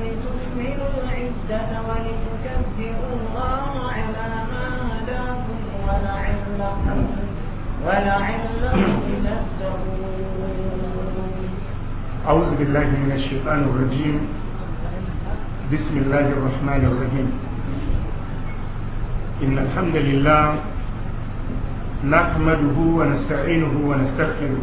ولتكملوا العدة ولتكبروا الله على ما هداكم ولعلكم ولعلكم أعوذ بالله من الشيطان الرجيم بسم الله الرحمن الرحيم إن الحمد لله نحمده ونستعينه ونستغفره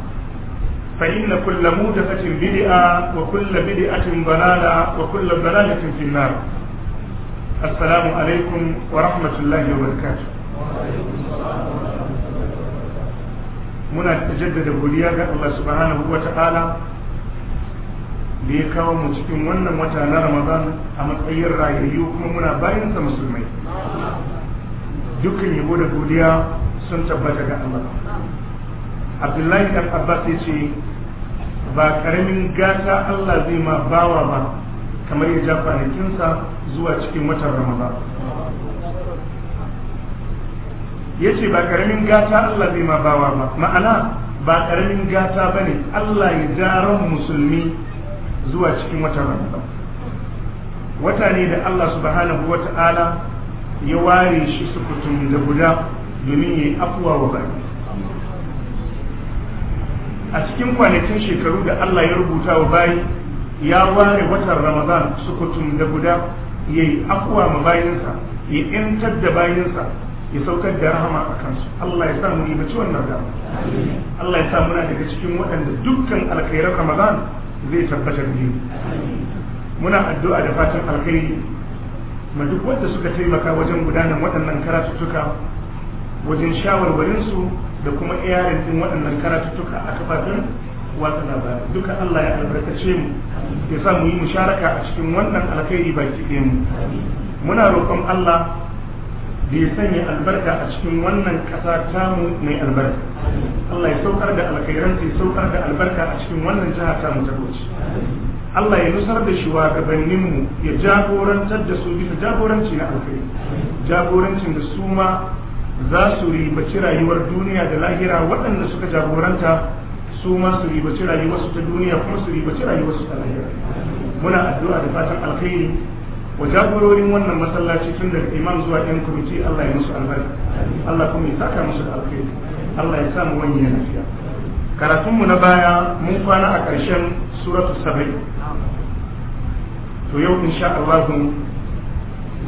فإن كل مودفة بدعة وكل بدعة ضلالة وكل ضلالة في النار السلام عليكم ورحمة الله وبركاته muna jaddada godiya ga Allah subhanahu wa ta'ala da ya kawo mu cikin wannan wata na Ramadan a matsayin rayayyu kuma muna bayan musulmai dukkan yabo da godiya sun tabbata ga Allah Abdullahi dan Abbas ya ce ba karamin gata Allah zai ma bawa ba kamar ya ja kwanakinsa zuwa cikin watan ramadan ya ce ba karamin gata Allah zai ma bawa ba ma'ana ba karamin gata ba ne Allah ya jaran musulmi zuwa cikin watan ramadan wata ne da Allah subhanahu wa ta'ala ya ware shi sukutun da guda domin ya yi afuwa wa baki a cikin kwanakin shekaru da Allah ya rubuta wa bayi ya ware watan Ramadan sukutum da guda ya yi afuwa ma bayinsa ya yantar da bayinsa ya saukar da rahama a kansu Allah ya samu ni baci wannan da Allah ya samu na daga cikin waɗanda dukkan alkhairar Ramadan zai tabbatar da muna addu'a da fatan alkhairi ma duk wanda suka taimaka wajen gudanar waɗannan karatuttuka wajen shawarwarinsu da kuma iyayen din waɗannan karatuttuka a kafafin watsa labarai duka Allah ya albarkace mu ya sa mu yi musharaka a cikin wannan alkhairi baki ɗaya mu muna roƙon Allah da ya sanya albarka a cikin wannan ƙasa mu mai albarka Allah ya saukar da alkhairan ya saukar da albarka a cikin wannan jiha mu ta Bauchi Allah ya nusar da shugabanninmu ya jagorantar da su bisa jagoranci na alkhairi jagorancin da su ma za su ribaci rayuwar duniya da lahira waɗanda suka jagoranta su ma su ribaci rayuwarsu ta duniya kuma su ribaci rayuwarsu ta lahira muna addu'a da fatan alkhairi wa jagororin wannan masallaci tun daga imam zuwa yan kwamiti Allah ya musu albarka Allah kuma ya saka musu da alkhairi Allah ya sa mu wani lafiya karatunmu na baya mun kwana a ƙarshen suratu sabai to yau insha Allah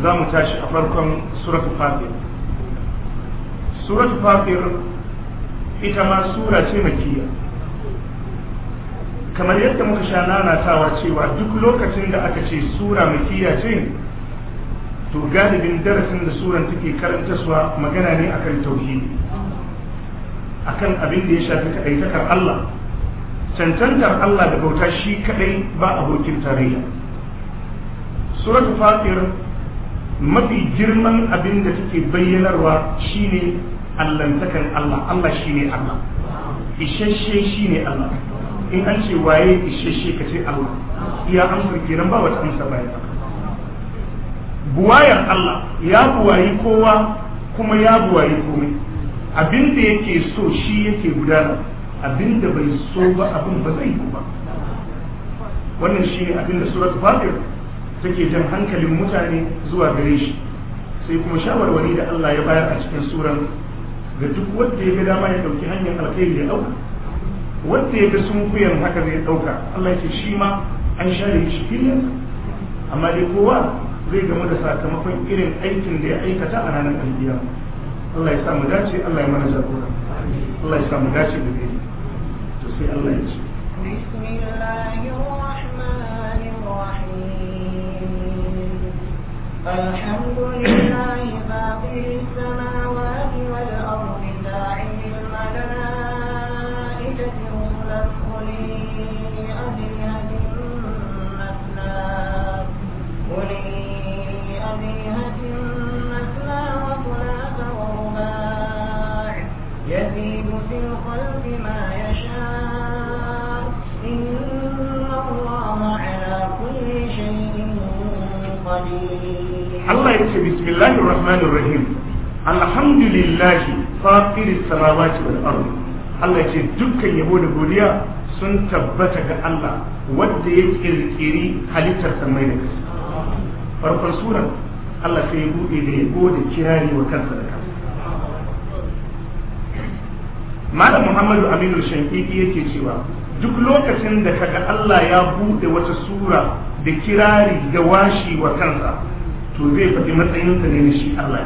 za mu tashi a farkon suratu fatiha suratu fatir ita ma sura ce makiya kamar yadda muka sha nanatawa cewa duk lokacin da aka ce sura makiya ce to galibin darasin da suran take suwa magana ne akan tauhidi akan abin da ya shafi kaɗaitakar Allah cancantar Allah da bauta shi kaɗai ba abokin tarayya suratu fatir mafi girman abin da take bayyanarwa shine allantakar Allah Allah shine Allah isasshe shine Allah in an ce waye isasshe ka ce Allah iya amsar nan ba wata amsa bayan ba. buwayar Allah ya buwayi kowa kuma ya buwayi komai abin da yake so shi yake gudana abin da bai so ba abin ba zai yi ba wannan shi ne abin da surat fatir take jan hankalin mutane zuwa gare shi sai kuma shawarwari da Allah ya bayar a cikin suran da duk wanda ya ga dama ya dauki hanyar alkhairi ya dauka wanda ya ga sunkuyan haka zai dauka Allah ya ce shi ma an share shi filin amma dai kowa zai gamu da sakamakon irin aikin da ya aikata a ranar alkiyama Allah ya sa mu dace Allah ya mana jagora Allah ya sa mu dace da gari to sai Allah ya ce Bismillahirrahmanirrahim Alhamdulillahi babil samawati Allah ya ce bismillahir rahmanir rahim alhamdulillahi fatiris samawati wal ardh Allah ya ce dukkan yabo da godiya sun tabbata ga Allah wanda ya kirkiri halittar samai da kasa farkon suran Allah ya bude da yabo da kirari wa kansa da kansa Malam Muhammadu Aminu Shankiki yake cewa duk lokacin da kaga Allah ya buɗe wata sura da kirari da washi wa kansa to zai faɗi matsayinsa ne na shi Allah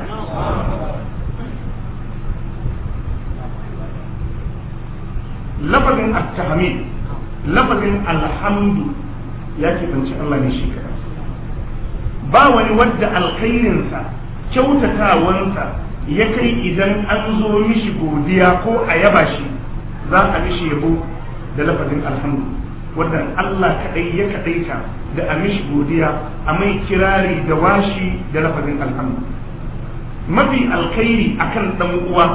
lafazin at-tahmid lafazin alhamdu ya ke Allah ne shi ba wani wadda alkhairinsa kyautatawansa ya kai idan an zo mishi godiya ko a yaba shi za a mishi yabo da lafazin alhamdu wannan Allah kaɗai ya kaɗaita da amish godiya a mai kirari da washi da lafazin alhamdu mafi alkhairi akan dan uwa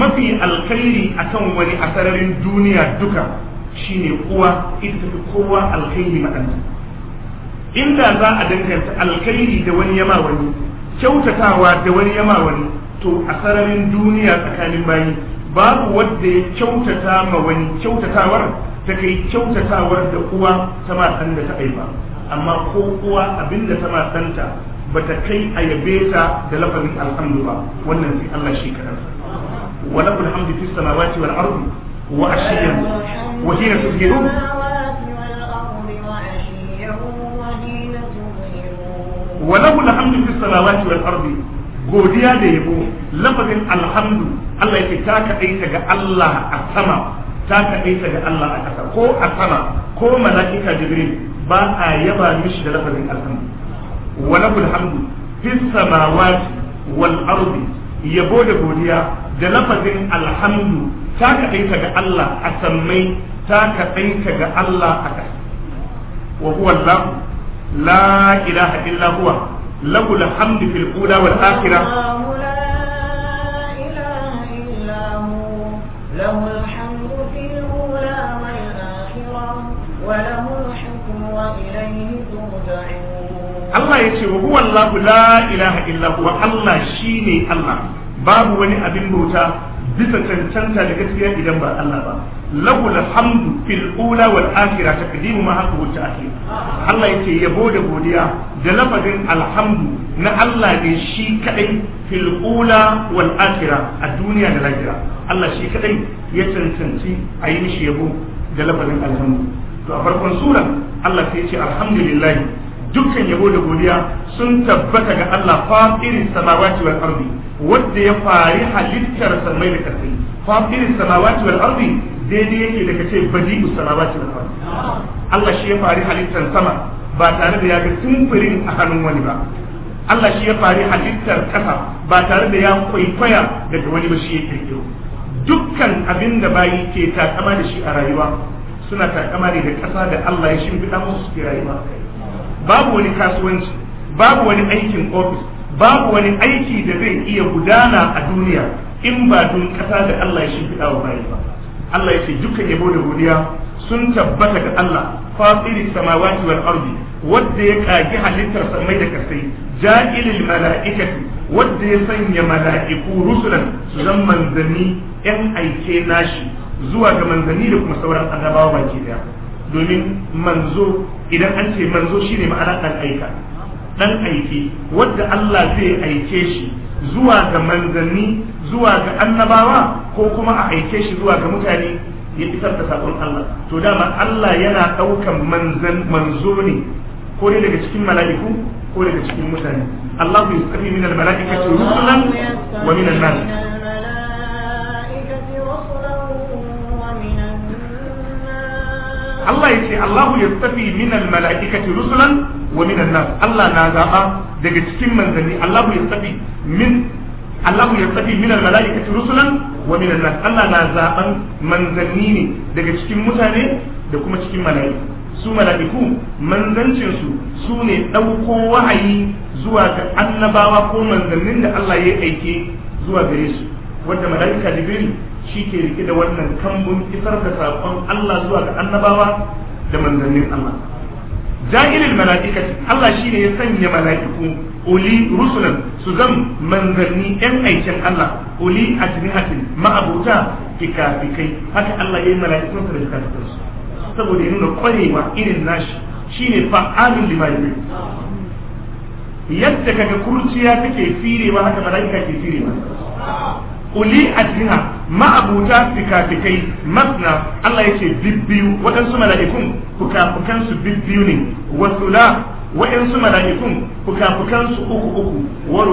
mafi alkhairi akan wani a sararin duniya duka shine uwa ita tafi kowa alkhairi maɗanta inda za a danganta alkhairi da wani yama wani kyautatawa da wani yama wani to a sararin duniya tsakanin bayi babu wanda ya kyautata ma wani kyautatawar ta kai kyautatawar da uwa ta matan da ta aiba amma ko uwa abinda ta matanta ba ta kai a yabe ta da lafazin alhamdu ba wannan sai Allah shi kadan wa lakul hamdu fis samawati wal ardi wa ashiyan wa hina tuzhirun wa lakul hamdu fis samawati wal ardi godiya da yabo lafazin alhamdu Allah yake ta kadai ga Allah a sama ta kaɗai ta ga Allah a ƙasa ko a sama ko mala'ika jibril ba a yaba mishi da lafazin alhamdu wa lahul hamdu fi samawati wal ardi yabo da godiya da lafazin alhamdu ta kaɗai ta ga Allah a sammai ta kaɗai ta ga Allah a ƙasa wa huwa Allah la ilaha illa huwa lahul hamdu fil ula wal akhirah له الحمد allah ya ce wa الله يتي وهو الله لا إله إلا هو الله شيني الله باب وني bisa cancanta da gaskiya idan ba Allah ba lahu alhamdu fil ula wal akhirah taqdimu ma haqqu ta'khir Allah yake yabo da godiya da lafazin alhamdu na Allah ne shi kadai fil ula wal akhirah a duniya da lahira Allah shi kadai ya cancanci a yi mishi yabo da lafazin alhamdu to a farkon sura Allah sai ce alhamdulillah dukkan yabo da godiya sun tabbata ga Allah fa'iris samawati wal ardi wanda ya fari halittar samai da kasai fa'iris samawati wal ardi daidai yake da kace badi samawati wal ardi Allah shi ya fari halittar sama ba tare da ya ga tumfurin a hannun wani ba Allah shi ya fari halittar kasa ba tare da ya kwaikwaya daga wani ba shi ya kirkiro dukkan abin da bayi ke takama da shi a rayuwa suna takama ne da ƙasa da Allah ya shimfiɗa musu suke rayuwa babu wani kasuwanci babu wani aikin ofis babu wani aiki da zai iya gudana a duniya in ba dun ƙasa da Allah ya shimfiɗa wa bayi ba Allah ya ce dukkan yabo da godiya sun tabbata ga Allah fasirin samawati wal ardi wanda ya kagi halittar samai da kasai ja'ilil mala'ikati wanda ya sanya mala'iku rusulan su zan manzanni yan aike nashi zuwa ga manzanni da kuma sauran annabawa baki daya domin manzo idan an ce manzo shine ma'ana dan aika dan aiki wadda Allah zai aike shi zuwa ga manzanni zuwa ga annabawa ko kuma a aike shi zuwa ga mutane ya isar da sakon Allah to dama Allah yana daukan manzan manzo ne ko ne daga cikin mala'iku ko daga cikin mutane Allah ya min al-mala'ikati rusulan wa min an-nas Allah yace Allahu yastafi min al-mala'ikati rusulan wa min nas Allah na zaba daga cikin manzanni Allahu yastafi min Allahu yastafi min al-mala'ikati rusulan wa min nas Allah na zaban manzanni ne daga cikin mutane da kuma cikin mala'iku su mala'iku manzancin su su ne dauko wahayi zuwa ga annabawa ko manzannin da Allah ya aike zuwa gare su wanda mala'ika Jibril shi ke rike da wannan kambun isar da saƙon Allah zuwa ga annabawa da manzannin Allah jahilil mala'ikati Allah shi ne ya sanya mala'iku uli rusulan su zan manzanni yan aikin Allah uli ajnihatin ma'abuta fikafikai haka Allah ya yi mala'ikun da fikafikan su saboda ya nuna kwarewa irin nashi shine fa'alun lima yadda kaga kurciya take firewa haka mala'ika ke firewa uli ajniha ma'abuta fika-fikai masna Allah yace bibbiyu waɗansu mala'ikun fuka su bibbiyu ne wasula waɗansu mala'ikun fuka su uku uku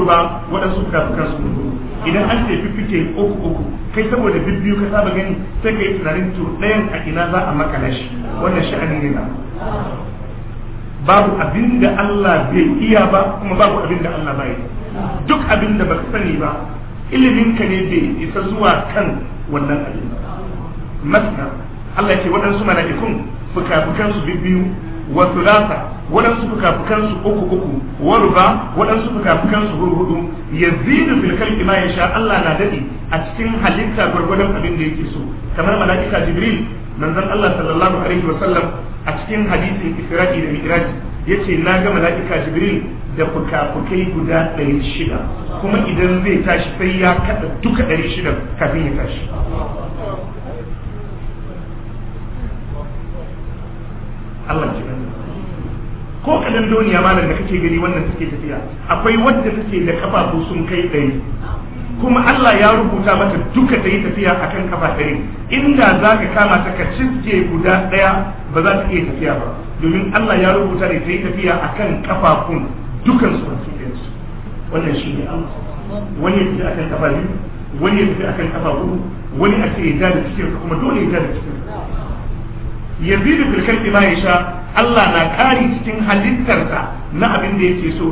ba waɗansu fuka su uku idan an ce fifike uku uku kai saboda bibbiyu ka saba gani sai ka yi tunanin to ɗayan a ina za a makala shi wannan sha'ani ne na babu abin da Allah bai iya ba kuma babu abin da Allah bai duk abin da baka sani ba ilimin ka ne bai isa zuwa kan wannan abin masna Allah ce waɗansu mala'ikun fukafukan su biyu wa thulatha waɗansu fukafukan su uku uku wa ruba waɗansu fukafukan su hudu yazidu fil khalqi ma yasha Allah na dadi a cikin halitta gwargwadon abin da yake so kamar mala'ika jibril manzon Allah sallallahu alaihi wa sallam a cikin hadisin Isra'i da Mi'raj yace na ga mala'ika Jibril da fuka-fukai guda 600 kuma idan zai tashi sai ya kada duka 600 kafin ya tashi Allah ji ko kadan duniya malam da kake gani wannan take tafiya akwai wadda take da kafafu sun kai ɗari kuma Allah ya rubuta mata duka ta yi tafiya a kan kafa ɗari inda za ka kama ta ka cizge guda ɗaya ba za ta iya tafiya ba domin Allah ya rubuta da ta yi tafiya a kan kafafun dukan su baki su wannan shi ne Allah wani ya tafi akan kafa biyu wani ya tafi akan kafa hudu wani a ce ya da cikin kuma dole ya da cikin yanzu da filkan ma ya sha Allah na kari cikin halittarsa na abin da yake so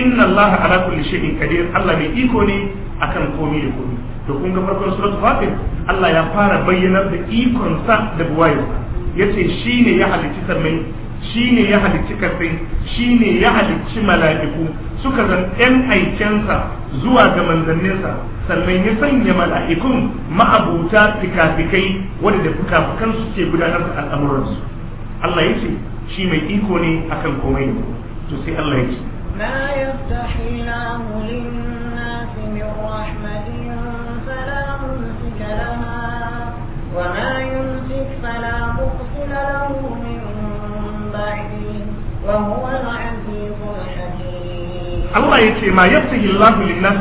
inna Allah ala kulli shay'in qadir Allah mai iko ne akan komai da komai to kun ga farkon suratul fatir Allah ya fara bayyanar da ikon sa da buwayin yace shine ya halitta mai. shi ne ya halicci kasai shi ne ya halicci mala'iku suka zan ɗan aikensa zuwa ga manzanninsa sannan ya sanya mala'ikun ma'abuta fikafikai wadda da fikafikan su ke gudanar da al'amuransu Allah ya ce shi mai iko ne akan komai ne to sai Allah ya ce ما يفتح الله للناس من رحمة فلا ممسك لها وما يمسك فلا مرسل له من Allah ya ce ma yabtahi Allahu lin-nas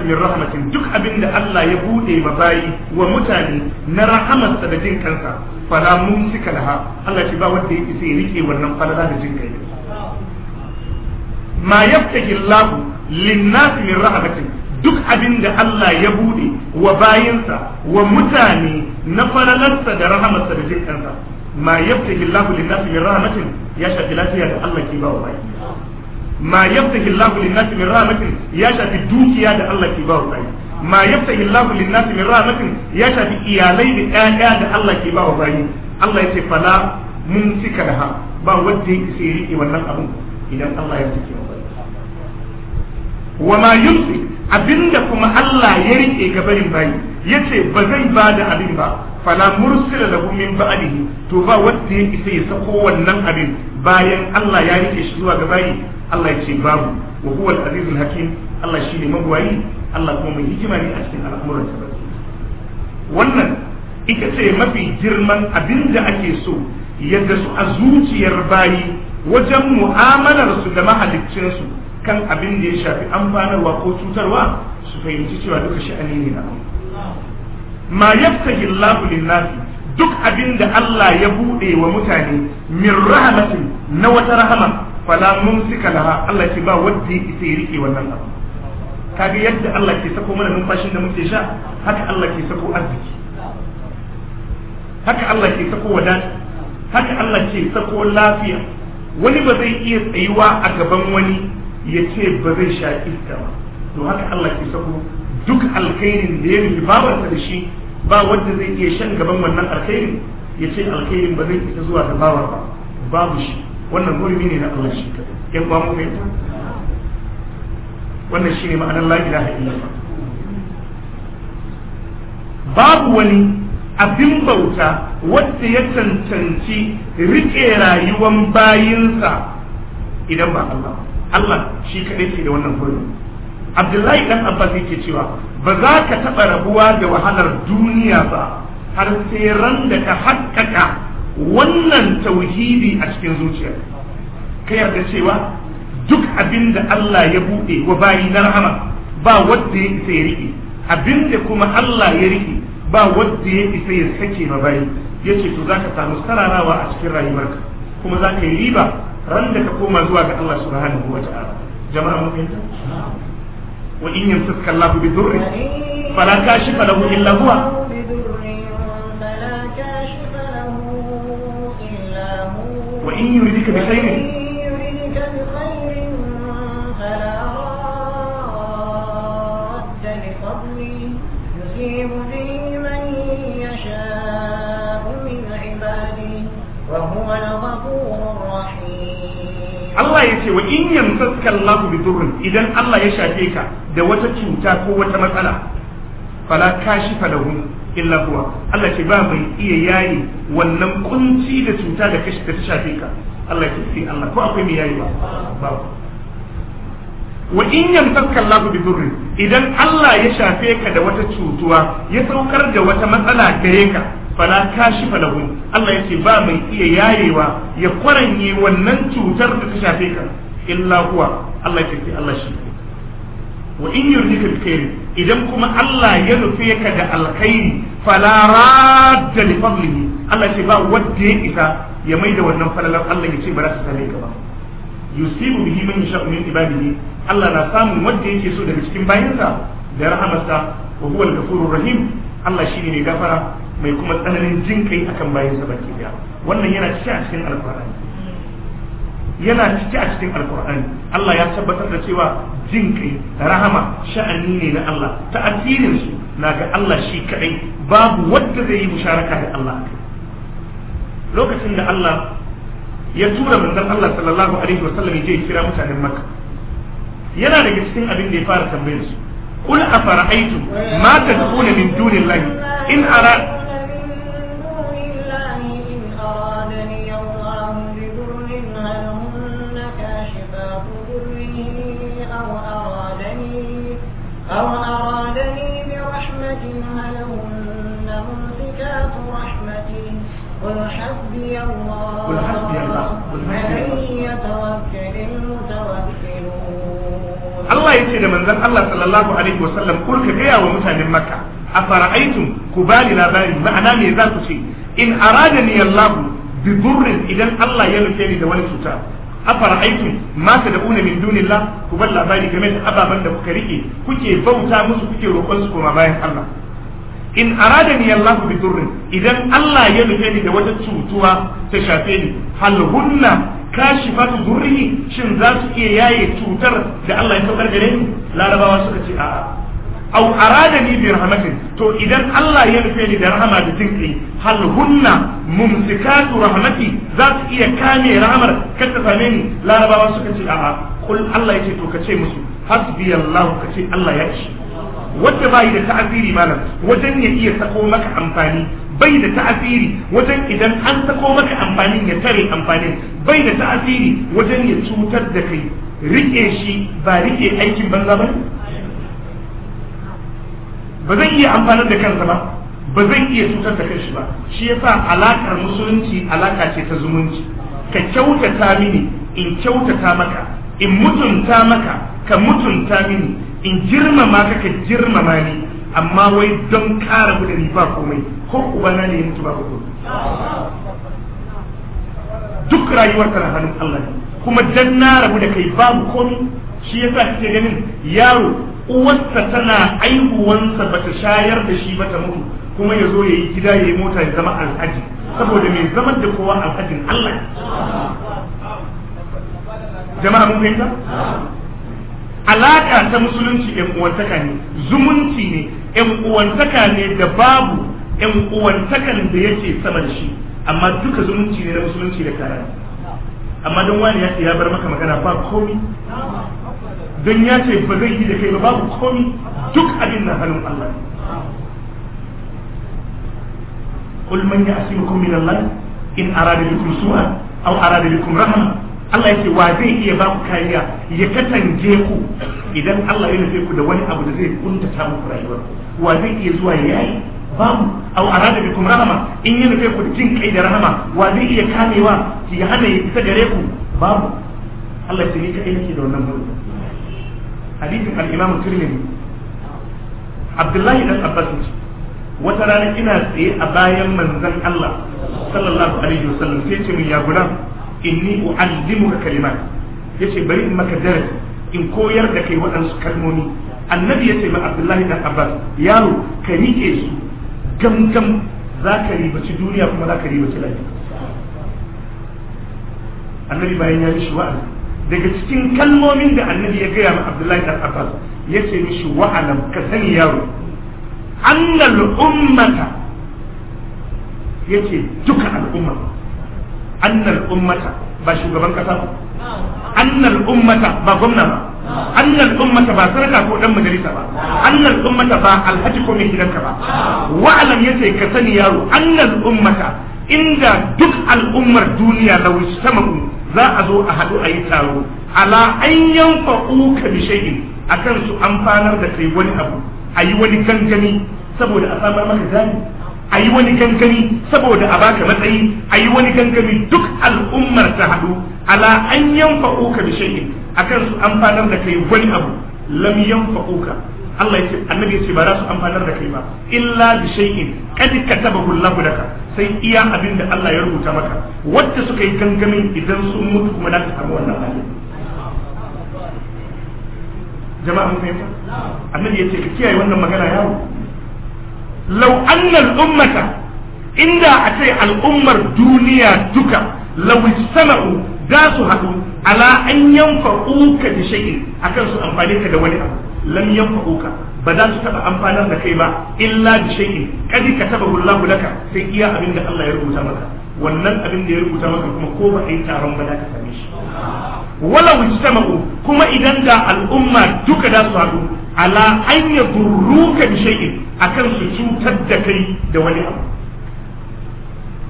duk abinda Allah ya bude wa mutane na rahamarsa da jin da jin wa mutane na falalarsa da rahamarsa ma yaftahi Allahu lin-nas min rahmatin ya shafi lafiya da Allah ke bawa bai ma yaftahi Allahu lin-nas min rahmatin ya shafi dukiya da Allah ke bawa bai ma yaftahi Allahu lin-nas min rahmatin ya shafi iyalai da ƴaƴa da Allah ke bawa bai Allah ya ce fala mun cika da ha ba wanda yake sai rike wannan abin idan Allah ya cike wa bai wa ma yumsi abinda kuma Allah ya rike gabarin bai yace ba zai bada abin ba fala mursila lahu min ba'dihi to ba wanda ya isa ya sako wannan abin bayan Allah ya rike shi zuwa ga bayi Allah ya ce babu wa huwa al-azizul hakim Allah shine magwayi Allah kuma mai hikima ne a cikin al'amuran sa wannan ita ce mafi girman abin da ake so yadda su a zuciyar bayi wajen mu'amalar su da mahaliccin su kan abin da ya shafi amfanarwa ko cutarwa su fahimci cewa duka sha'ani ne na ma yaftahi Allahu lin-nasi duk abinda Allah ya buɗe wa mutane min rahmatin na wata rahama fala mumsika laha Allah ya ba ya wannan abu yadda Allah ke sako mana numfashin da muke sha haka Allah ke sako arziki haka Allah ke sako wadata haka Allah ke sako lafiya wani ba zai iya tsayuwa a gaban wani ya ce ba zai sha iska ba to haka Allah ke sako duk alkhairin da ya nufi babarsa da shi ba wanda zai iya shan gaban wannan alkhairin ya ce alkhairin ba zai isa zuwa da babar ba babu shi wannan gurbi ne na Allah shi kaɗai ba mu fahimta wannan shi ne ma'anar la ilaha illallah babu wani abin bauta wanda ya tantanci riƙe rayuwan bayinsa idan ba Allah Allah shi kadai ke da wannan gurbi abdullahi dan abbas yake cewa ba za ka taɓa rabuwa da wahalar duniya ba har sai ran da ka haƙƙaƙa wannan tauhidi a cikin zuciya ka yarda cewa duk abin da Allah ya buɗe wa bayi na rahama ba wadda ya isa ya riƙe abin da kuma Allah ya riƙe ba wadda ya isa ya sake ma bayi ya ce to za ka samu sararawa a cikin rayuwarka kuma za ka yi riba ran da ka koma zuwa ga Allah subhanahu wa ta'ala jama'a mun وإن يمسسك الله بضر فلا كاشف له إلا هو وإن يريدك بخير Allah ya ce wa in yamsaka Allahu bi durrin idan Allah ya shafe ka da wata cuta ko wata matsala fala kashifa lahu illa huwa Allah ce ba mai iya yayi wannan kunci da cuta da kashi ta shafe ka Allah ya ce Allah ko akwai mai yayi ba ba wa in yamsaka Allahu bi durrin idan Allah ya shafe ka da wata cutuwa ya saukar da wata matsala gare ka fala kashifa lahu Allah yace ba mai iya yayewa ya kwaranye wannan cutar da ta shafe ka illa huwa Allah yake ce Allah shi wa in yurdika bikhair idan kuma Allah ya nufe ka da alkhairi fala radda li fadlihi Allah ce ba wanda ya isa ya da wannan falalar Allah ya ce ba za su same ka ba yusibu bihi man yasha'u min ibadihi Allah na samun wanda yake so daga cikin bayinsa da rahamarsa wa huwa al-ghafurur rahim Allah shi ne gafara mai kuma tsananin jin kai akan bayan sa baki daya wannan yana cike a cikin alkur'ani yana cike a cikin alkur'ani Allah ya tabbatar da cewa jin kai rahama sha'ani ne na Allah ta'atirin su na ga Allah shi kadai babu wanda zai yi musharaka da Allah lokacin da Allah ya tura manzon Allah sallallahu alaihi wasallam ya je kira mutanen Makka yana daga cikin abin da ya fara tambayar su قل أفرأيتم ما تدعون من دون الله إن أراد Allah yace da manzon Allah sallallahu alaihi wasallam kul gaya wa mutanen Makka a fara'aitum ku bani labari ma'ana me za ku ce in aradani Allah bi durrin idan Allah ya nufe ni da wani cuta a fara'aitum ma ta da una min dunillah ku bar labari game da ababen da kuka rike kuke bauta musu kuke roƙon su koma bayan Allah in aradani Allah bi durrin idan Allah ya nufe ni da wata cutuwa ta shafe ni hal hunna kashifatu durrihi shin za su iya yaye cutar da Allah ya saukar gare ni larabawa suka ce a'a aw aradani bi rahmatin to idan Allah ya rufe ni da rahama da jinkai hal hunna mumsikatu rahmati za su iya kame rahamar kar ta same ni larabawa suka ce a'a kul Allah to kace musu hasbi Allah kace Allah ya ci wanda bai da ta'asiri malam wajen ya iya sako maka amfani bai da ta'asiri wajen idan an sako maka amfanin ya tare amfanin bai da ta'asiri wajen ya cutar da kai rike shi ba rike aikin banza ba ba zan iya amfanar da kansa ba ba zan iya cutar da kanshi ba shi yasa alakar musulunci alaka ce ta zumunci ka kyautata mini in kyautata maka in mutunta maka ka mutunta mini in girmama ka ka girmama ni amma wai don kara kudari ba komai ko na ne ya mutu ba ku komai duk rayuwar na hannun Allah ne kuma dan na rabu da kai babu komai shi yasa kike ganin yaro uwarsa tana aihuwansa bata shayar da shi bata mutu kuma ya zo ya yi gida ya yi mota ya zama alhaji saboda mai zaman da kowa alhajin Allah jama'a mun fahimta alaka ta musulunci ɗan uwantaka ne zumunci ne yan uwantaka ne da babu yan uwantakan da yake sama da shi amma duka zumunci ne na musulunci da karani amma don wani ya ce ya bar maka magana ba komi don ya ce ba zai yi da kai ba babu komi duk abin na hannun Allah قل من يعصمكم من الله إن أراد بكم سوءا أو أراد بكم rahma. Allah yake wa zai iya ba ku kariya ya katange ku idan Allah ya nufe ku da wani abu da zai ta muku rayuwar wa zai iya zuwa ya yi babu aw arada bikum rahama in ya nufe ku da jin kai da rahama wa zai iya kamewa ya hana ya isa gare ku mu, Allah ya ni kai yake da wannan mulki hadisin al-Imam Tirmidhi Abdullahi dan Abbas wata rana ina tsaye a bayan manzon Allah sallallahu alaihi wasallam sai ce min ya gulam inni u'allimuka kalimat yace bari in maka darasi in koyar da kai waɗansu kalmomi annabi yace ma abdullahi dan abbas yaro ka rike su gamgam za ka ribaci duniya kuma za ka ribaci lafiya annabi bayan ya mishi wa'azi daga cikin kalmomin da annabi ya gaya ma abdullahi dan abbas yace mishi wa'alam ka sani yaro annal ummata yace duka al'umma annal ummata ba shugaban kasa ba annal ummata ba gwamna ba annal ummata ba sarka ko dan majalisa ba annal ummata ba alhaji ko mai gidanka ba wa alam yace ka sani yaro annal ummata inda duk al'ummar duniya la wajtama'u za a zo a haɗu a yi taro ala an yanfa uka bi shay'in akan su amfanar da kai wani abu a yi wani gangami saboda a samar maka jami'i a yi wani kankani saboda a baka matsayi a yi wani kankani duk al'ummar ta haɗu ala an yanfa'uka bi shay'in kan su amfanar da kai wani abu lam yanfa'uka Allah yace annabi yace ba za su amfanar da kai ba illa bi shay'in kad katabahu Allah laka sai iya abin da Allah ya rubuta maka wanda suka yi gangamin idan sun mutu kuma za su samu wannan hali jama'a mun fahimta annabi yace ka kiyaye wannan magana yawo lau annal ummata inda a ce al'ummar duniya duka lau za su haɗu ala an yanfa uka da shayin akan su amfani da wani abu lam yanfa uka ba za su taɓa amfanar da kai ba illa da shayin kadi ka taɓa hullahu laka sai iya abinda Allah ya rubuta maka wannan abin da ya rubuta maka kuma ko ba a yi taron ba za ka same shi walau ijtama'u kuma idan da al'umma duka da su haɗu ala an ya burruka bi shay'in akan su cutar da kai da wani abu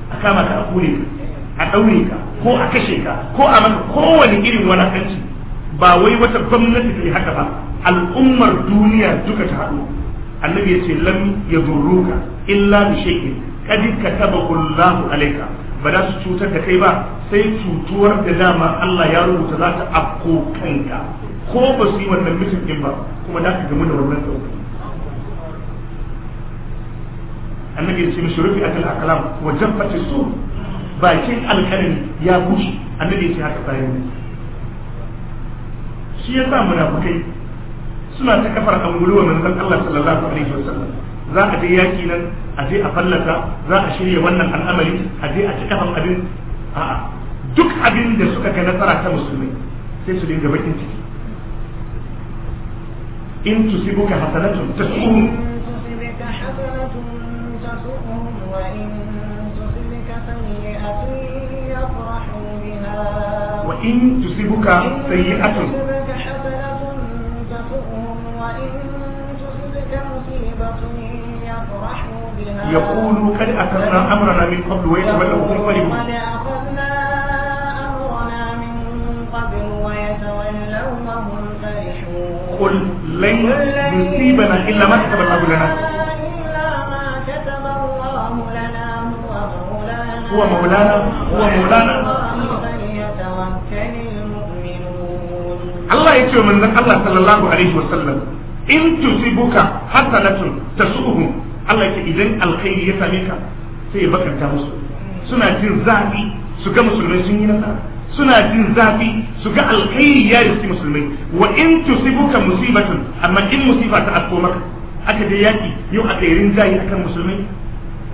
a kama ka a kure ka a ɗaure ka ko a kashe ka ko a maka kowane irin walakanci ba wai wata gwamnati ta yi haka ba al'ummar duniya duka ta haɗu annabi ya ce lam ya ka. illa bi shay'in ka taba kullahu alayka ba za su cutar da kai ba sai cutuwar da dama Allah ya rubuta za ta afko kanka ko ba su yi wannan mutum din ba kuma da ka gamu da wannan tsoro annabi ya ce mishi rufi akal akalam wa jaffati su bakin alkalin ya bushe annabi ya ce haka bayan ne shi ya sa munafukai suna ta kafar anguluwa manzon Allah sallallahu alaihi wasallam za a je yaki nan a je a fallasa za a shirya wannan al'amari a je a ci kafan abin a'a duk abin da suka ga nasara ta musulmi sai su dinga bakin ciki in tusibuka hasanatun tasuhum وإن تصبك سيئة يقولوا قد أتمنا أمرنا من قبل ويتولوا هم فرحوا قل لن يصيبنا إلا ما كتب الله لنا هو مولانا هو مولانا الله يتيو من الله صلى الله عليه وسلم إن تصيبك حسنة تسوهم الله يتيو إذن الخير يسميك sai ya bakanta musu suna jin zafi su ga musulmai sun yi nasara suna jin zafi su ga alkhairi ya riski musulmai wa in tusibuka musibatun amma in musifa ta afko maka aka je yaki yau aka yi rinjaye akan musulmai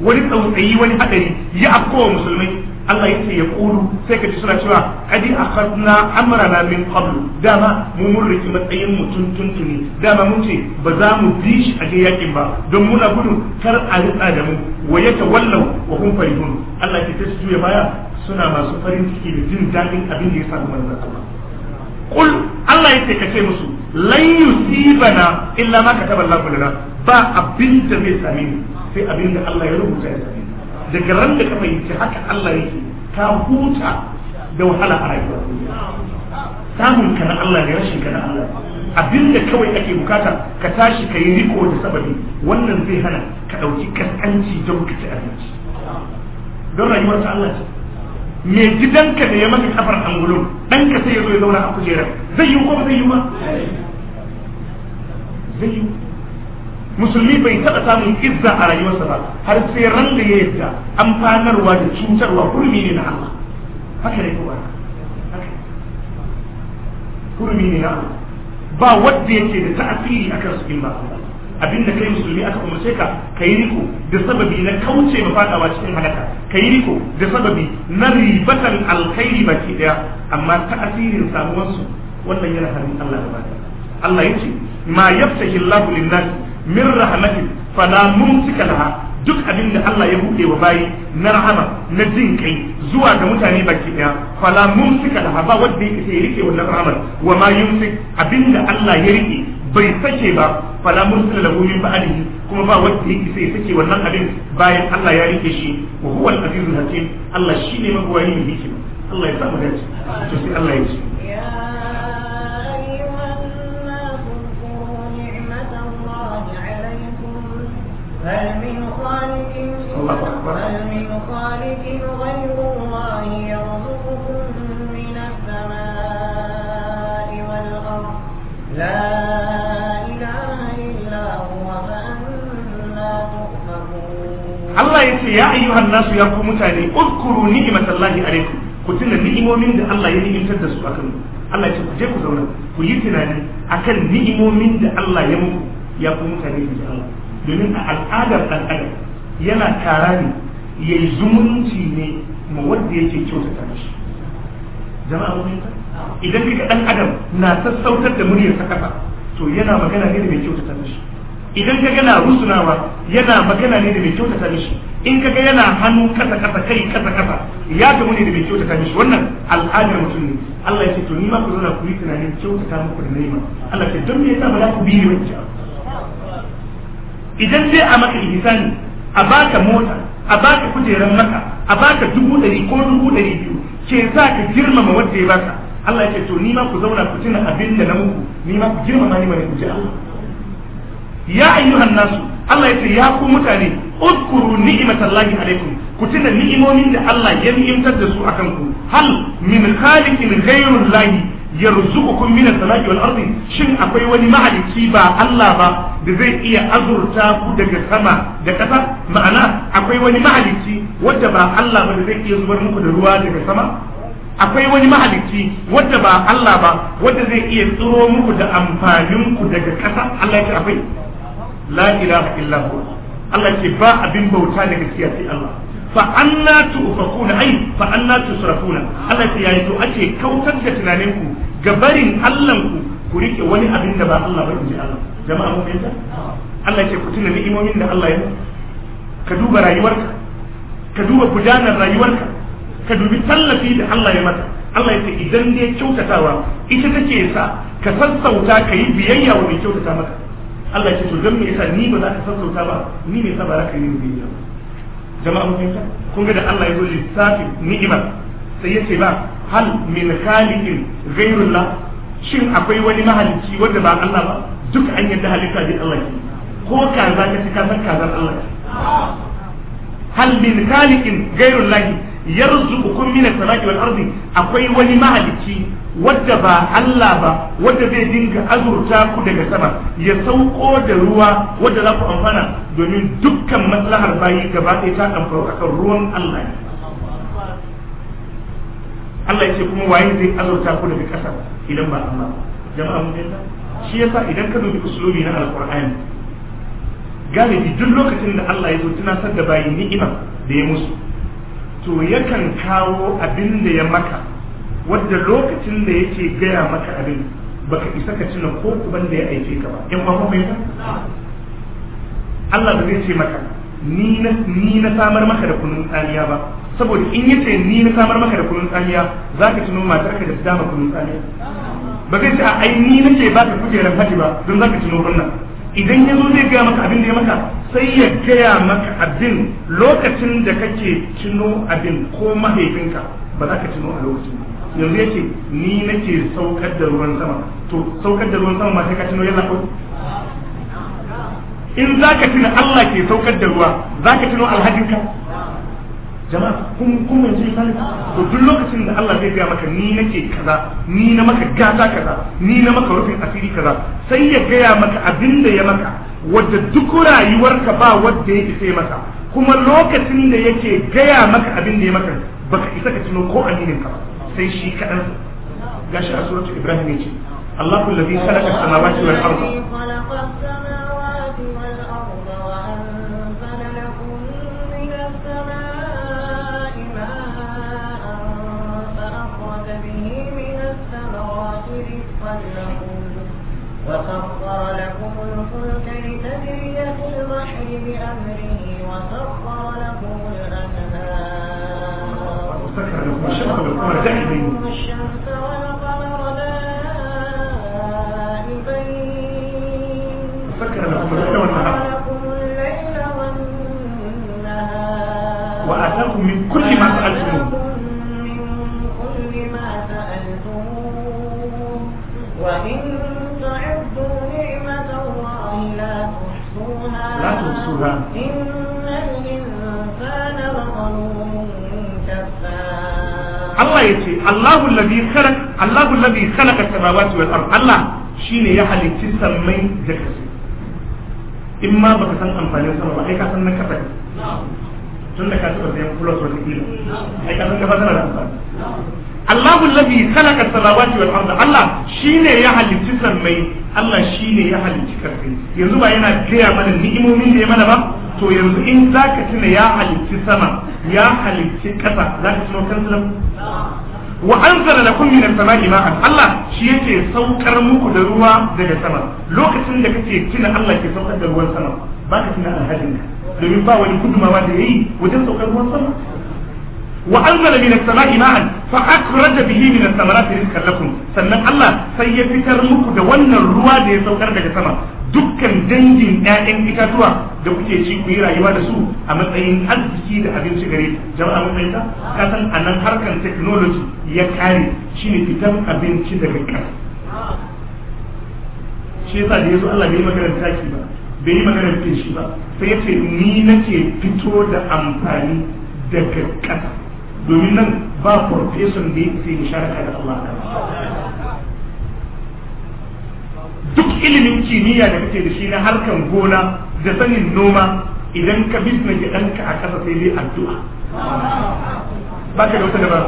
wani tsautsayi wani hadari ya afko wa musulmai Allah ya ce ya kuru sai ka ci suna cewa kadi akhadna amrana min qablu dama mu murriki matsayin mu tuntuntuni dama mun ce ba za mu bi shi a je yakin ba don muna gudu kar a ritsa da mu wa wallau wa hum farihun Allah ya ce su ya baya suna masu farin ciki da jin daɗin abin da ya samu manzon Allah kul Allah yace ka ce musu lan yusibana illa ma kataba Allah lana ba abin da zai same ni sai abin da Allah ya rubuta ya same daga ran da ka fahimci haka Allah yake ka huta da wahala a rayuwa samun kana na Allah ne rashin ka na Allah abinda kawai ake bukata ka tashi ka yi riko da sababi wannan zai hana ka ɗauki kaskanci don ka ci abinci don rayuwar ta Allah ce mai gidanka da ya maka kafar angulo ɗanka sai ya zo ya zauna a kujerar zai yi ko ba zai yi ba zai yi musulmi bai taɓa samun izza a rayuwarsa ba har sai ran da ya yadda amfanarwa da cutarwa kurmi ne na Allah haka ne kowa Kurmi ne na Allah ba wanda yake da ta'asiri akan su in ba Allah abin da kai musulmi aka umarce ka kai riko da sababi na kauce ma fadawa cikin halaka kai riko da sababi na ribatan alkhairi baki daya amma ta'asirin samuwar su wannan yana harin Allah da baka Allah yace ma yaftahi Allahu lin-nas min rahmatin fala mumsika laha duk abin da Allah ya buɗe wa bayi na rahama na jin kai zuwa ga mutane baki daya fala mumsika laha ba wanda yake rike wannan rahamar wa ma yumsik abin da Allah ya rike bai sake ba fala mursala lahu min ba'dihi kuma ba wanda yake sai sake wannan abin bayan Allah ya rike shi wa huwa al-azizul hakim Allah shi magwani mai hikima Allah ya samu dace to sai Allah ya ce هل من خالق من خالق غير الله يرزقكم من السماء والأرض لا Allah ya ce ya ayyuhan nasu ya ku mutane uzkuru ni'matallahi alaikum ku tuna ni'imomin da Allah ya ni'imtar da su akan Allah ya ce ku je ku zauna ku yi tunani akan ni'imomin da Allah ya muku ya ku mutane da Allah domin a al'adar al'adar yana tara ne yayi zumunci ne ma wanda yake kyautata shi jama'a mun idan kika dan adam na sassautar da muryar sa kasa to yana magana ne da mai kyautata shi idan ka gana rusunawa yana magana ne da bai kyautata mishi in ka ga yana hannu kasa kasa kai kasa kasa ya gamu ne da bai kyautata mishi wannan al'adar mutum ne Allah ya ce to ni ma ku zauna ku yi tunanin kyautata muku da Naima. Allah ce don me yasa ba za ku bi ni wancan idan sai a maka ihsani a baka mota a baka kujeran maka a baka dubu ɗari ko dubu ɗari biyu ke za ka girmama wanda ya baka Allah ya ce to ni ma ku zauna ku tuna abin da na muku ni ma ku girmama ni ma ne ku ji Allah ya ayyuhan nasu Allah ya ce ya ku mutane udkuru ni'matallahi alaikum ku tuna ni'imomin da Allah ya ni'imtar da su akan ku hal min khaliqin ghayrul lahi yarzuqukum min as-sama'i wal ardi shin akwai wani mahalicci ba Allah ba da zai iya azurta ku daga sama da ƙasa ma'ana akwai wani mahalicci wanda ba Allah ba da zai iya zubar muku da ruwa daga sama akwai wani mahalicci wanda ba Allah ba wanda zai iya tsiro muku da amfanin ku daga ƙasa Allah ya ce akwai la ilaha illa huwa Allah ce ba abin bauta da gaskiya sai Allah fa anna tufakuna ai fa anna tusrafuna Allah ce yayi to ake kautar da tunanin ku ga barin ku ku rike wani abin da ba Allah ba in ji Allah jama'a mu fahimta Allah ce ku tuna ni'imomin da Allah ya ka duba rayuwarka ka duba rayuwarka ka dubi tallafi da Allah ya mata Allah ya ce idan ne kyautatawa ita take sa ka sassauta ka yi biyayya wa mai kyautata maka Allah ya ce to dan me ni ba za ka sassauta ba ni me yasa ba za ka yi biyayya ba jama'a mun fahimta kun ga da Allah ya zo lissafi ni'imar sai ya ce ba hal min khaliqin ghayrullah shin akwai wani mahalicci wanda ba Allah ba duk an yadda halitta bi Allah ne ko kaza ka ci kasar kazar Allah ne hal min khaliqin ghayrullah yarzuqukum min as-samai wal ardi akwai wani mahalicci wadda ba Allah ba wadda zai dinga azurta ku daga sama ya sauko da ruwa wadda za ku amfana domin dukkan maslahar bayi gaba ɗaya ta a akan ruwan Allah ne Allah ya ce kuma waye zai azurta ku daga ƙasa idan ba Allah jama'a mun yanda shi yasa idan ka dubi usulubi na alqur'ani galibi duk lokacin da Allah ya zo tunasar da bayi ni'ima da ya musu to yakan kawo abin da ya maka wadda lokacin da yake gaya maka abin baka isa ka cina ko ban da ya aike ka ba yan uwan mai Allah ba zai ce maka ni na samar maka da kunun tsaniya ba saboda in yace ni na samar maka da kunun tsaniya cino matar ka da dama kunun tsaniya ba zai ce a ai ni ce ba ka kujerar haji ba don za ka cino wannan idan ya zo zai gaya maka abin da ya maka sai ya gaya maka abin lokacin da kake cino abin ko mahaifinka ba za ka cino a lokacin ba yanzu yake ni nake saukar da ruwan sama to saukar da ruwan sama ma sai ka tuno yalla ko in zaka tuno Allah ke saukar da ruwa zaka tuno alhajin ka jama'a kun kun ji sai to duk lokacin da Allah zai gaya maka ni nake kaza ni na maka gata kaza ni na maka rufin asiri kaza sai ya gaya maka abinda ya maka wadda duk rayuwarka ba wadda yake sai maka kuma lokacin da yake gaya maka abin da ya maka baka isa ka tuno ko aminin ka ba sai shi kaɗan gashi a suratul ibrahim yace Allahu alladhi khalaqa as-samawati wal arda وسخر لكم الفلك لتجري في البحر بأمره وسخر لكم الأنهار فكر لو الشمس والقمر دائما الشمس والقمر دائبين فكر وآتاكم من كل ما سألتموه وإن تعدوا نعمة الله لا تحصوها Allahu allazi khalaq Allahu allazi khalaqa as-samawati wal ard Allah shine ya halicci sammai da kasai in ma baka san amfanin sama ba ka san na kafa tun da ka taɓa sayan ka san kafa da amfani Allahu allazi khalaqa as-samawati wal ard Allah shine ya halicci sammai Allah shine yanzu yana gaya mana ni'imomin da mana ba to yanzu in ka tuna ya halicci sama ya halicci kasa zaka tuno kansu wa anzala lakum min as-sama'i ma'an Allah shi yake saukar muku da ruwa daga sama lokacin da kake tuna Allah ke saukar da ruwan sama ba ka tuna alhajin ka domin ba wani gudumawa da yayi wajen saukar ruwan sama wa anzala min as-sama'i ma'an fa akhraja bihi min ath-thamarati rizqan lakum sannan Allah sai ya fitar muku da wannan ruwa da ya saukar daga sama dukkan dangin ƴaƴan itatuwa da kuke ci ku yi rayuwa da su a matsayin arziki da abinci gare jama'a matsayin ta ka san a nan technology ya kare shine fitan abinci daga ƙasa shi yasa da yazo Allah bai magana ki ba bai yi ta shi ba sai ya ce ni nake fito da amfani daga ƙasa domin nan ba farfesan da ya da Allah duk ilimin kimiyya da kake da shi na harkan gona da sanin noma idan ka bisna gidanka a ƙasa sai dai addu'a ba ka da wata dabara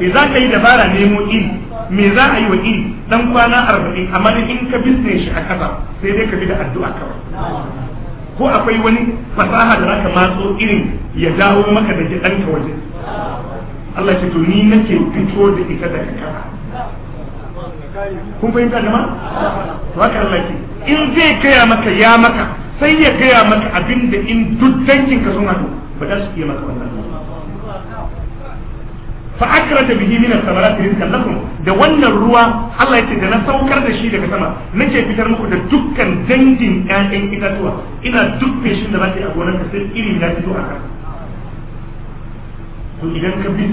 me za ka yi dabara nemo il me za a yi wa il dan kwana arba'in amma in ka bisne shi a ƙasa sai dai ka bi da addu'a kawai ko akwai wani fasaha da zaka matso irin ya dawo maka da gidanka waje Allah ce to ni nake fito da ita daga kasa kun fahimta jama'a to haka Allah ke in zai gaya maka ya maka sai ya gaya maka abin da in duk dangin ka sun hadu ba za su iya maka wannan fa akrata bihi min al-thamarati rizqan lakum da wannan ruwa Allah ya ce da na saukar da shi daga sama nake fitar muku da dukkan dangin ƴaƴan itatuwa ina duk shi da ba yi a gonar ka sai irin ya fito a kan to idan ka bi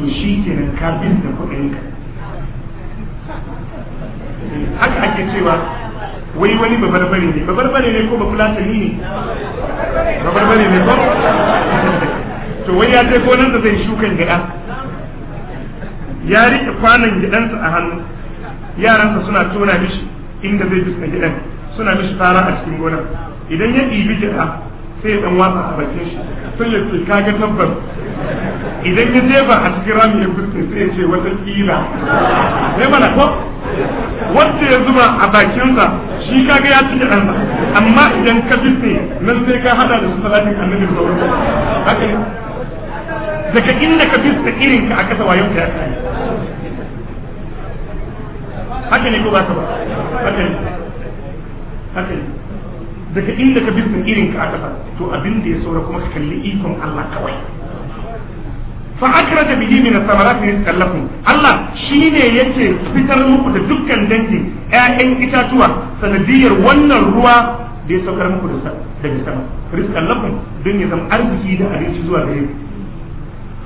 to shi kenan ka bi da kuɗin ka haka ake cewa wai wani babarbare ne babarbare ne ko bafulatani ne babarbare ne ko to wai ya je gonan da zai shukan gida ya rike kwanan gidansa a hannu yaransa suna tona mishi inda zai bisa gidan suna mishi fara a cikin gonan idan ya ɗibi gida sai dan watsa a bakin shi sai ya ce kaga tabbas idan ya jefa a cikin rami ya fuske sai ya ce wata kila sai mana ko wanda ya zuba a bakinsa shi kaga ya cike ɗansa amma idan ka fuske nan sai ka hada da su salatin annabi da sauran haka ne daga inda ka fuske irin ka a kasa wayo ka ya haka ne ko ba ka ba haka ne haka ne daga inda ka bizin irin ka aka to abin da ya saura kuma ka kalli ikon Allah kawai fa akrata bihi min thamarati rizqallakum Allah shine yace fitar muku da dukkan dangi ƴaƴan itatuwa sanadiyar wannan ruwa da ya saukar muku da daga sama rizqallakum don ya zama arziki da abinci zuwa gare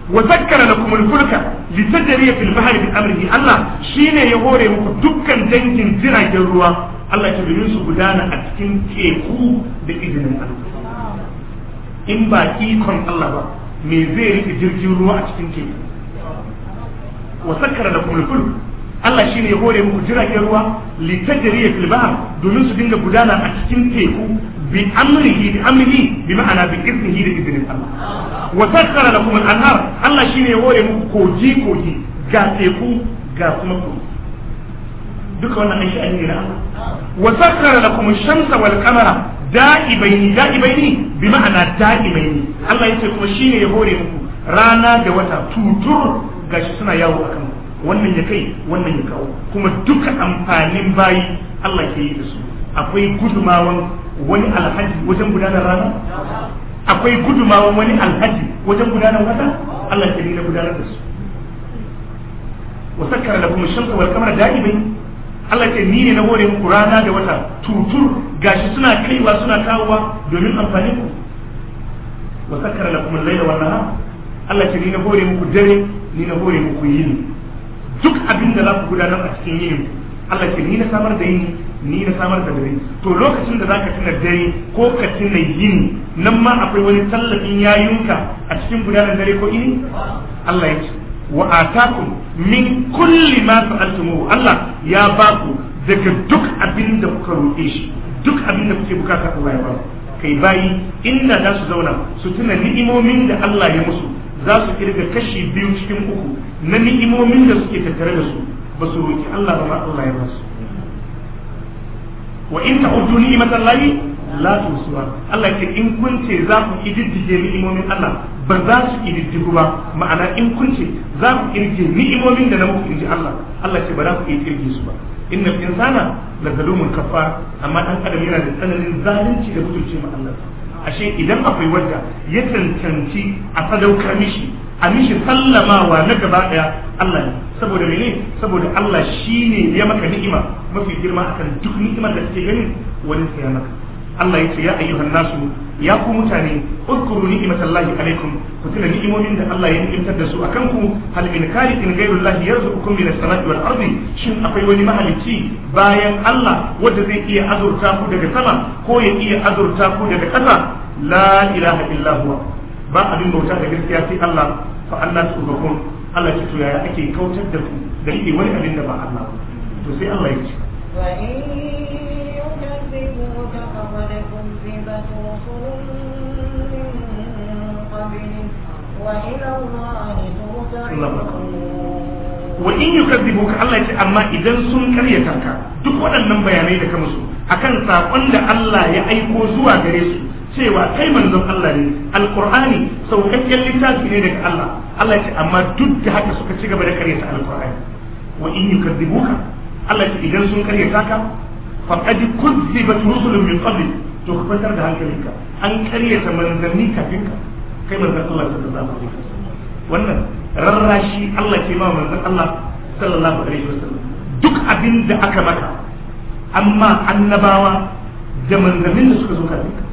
ku wa zakkara lakum al-fulka litajriya fil bahri bi amrihi Allah shine ya hore muku dukkan dangin jiragen ruwa Allah ta domin su gudana a cikin teku da izinin Allah in ba ikon Allah ba me zai rike jirgin ruwa a cikin teku wa sakkara da kulkul Allah shi ne ya hore muku jiragen ruwa litajriya ya bahr domin su dinga gudana a cikin teku bi amrihi bi amrihi bi ma'ana bi iznihi da izinin Allah wa sakkara da al-anhar Allah shi ne ya hore muku koji koji ga teku ga kuma kogi duka wannan aiki an yi na wa sakkara lakum shamsa wal qamara da'ibaini da'ibaini bi ma'ana da'ibaini Allah yace kuma shine ya hore muku rana da wata tutur gashi suna yawo akan wannan ya kai wannan ya kawo kuma duka amfanin bayi Allah ke yi da su akwai gudumawan wani alhaji wajen gudanar rana akwai gudumawan wani alhaji wajen gudanar wata Allah ke yi da gudanar da su wa sakkara lakum shamsa wal qamara da'ibaini Allah ce ni ne na hore muku rana da wata tutur gashi suna kaiwa suna kawowa domin amfani ku wa sakkara lakum al-layla an nahar Allah ce ni na hore muku dare ni na hore muku yini duk abin da za ku gudanar a cikin yini Allah ce ni na samar da yini ni na samar da dare to lokacin da zaka tuna dare ko ka tuna yini nan ma akwai wani tallafin yayinka a cikin gudanar dare ko yini Allah ya ce wa atakum min kulli ma sa'altumuhu Allah ya baku daga duk abin kuka roƙe shi duk abinda kuke bukata Allah ya ba kai bayi inda za su zauna su tuna ni'imomin da Allah ya musu za su kirga kashi biyu cikin uku na ni'imomin da suke tattare da su ba su roƙi Allah ba ma Allah ya ba su wa in ta'uddu ni'matallahi la tusuwa Allah ce in kun ce za ku kididdige ni'imomin Allah ba za su kididdigu ba ma'ana in kun ce za ku kirge ni'imomin da na muku inji Allah Allah ce ba za ku iya kirge su ba inna insana la zalumun kafa amma dan adam yana da tsananin zalunci da mutunci ma Allah ashe idan akwai wanda ya tantanci a sadaukar mishi a mishi sallamawa na gaba daya Allah ne saboda mene saboda Allah shine ya maka ni'ima mafi girma akan duk ni'imar da kake ganin wani sai ya maka Allah ya ce ya ayyuhan nasu ya ku mutane udkuru ni'matallahi alaikum ku tuna ni'imomin da Allah ya nimtar da su akan ku hal min khaliqin ghayrullahi yarzuqukum min as-samai wal ardi shin akwai wani mahalicci bayan Allah wanda zai iya azurta ku daga sama ko ya iya azurta ku daga ƙasa la ilaha illa huwa ba abin bauta da gaskiya sai Allah fa Allah tuzukum Allah ya ce ya ake kautar da ku da wani abin da ba Allah to sai Allah ya ce كذبت رسل من وإلى الله ترجع wa in Allah amma idan sun karyata duk waɗannan bayanai da ka akan sakon da Allah ya aiko zuwa gare su cewa kai manzon Allah ne alqur'ani saukakken littafi ne daga Allah Allah yace amma duk da haka suka ci gaba da karyata alqur'ani wa in yukazzibuka Allah ce idan sun karyata ka faqad kuzzibat rusulun min qablik to ka kwantar da hankalinka an karyata manzanni kafin ka kai manzan Allah sallallahu alaihi wasallam wannan rarrashi Allah ke ma manzan Allah sallallahu alaihi wasallam duk abin da aka maka amma annabawa da manzannin da suka zo kafin ka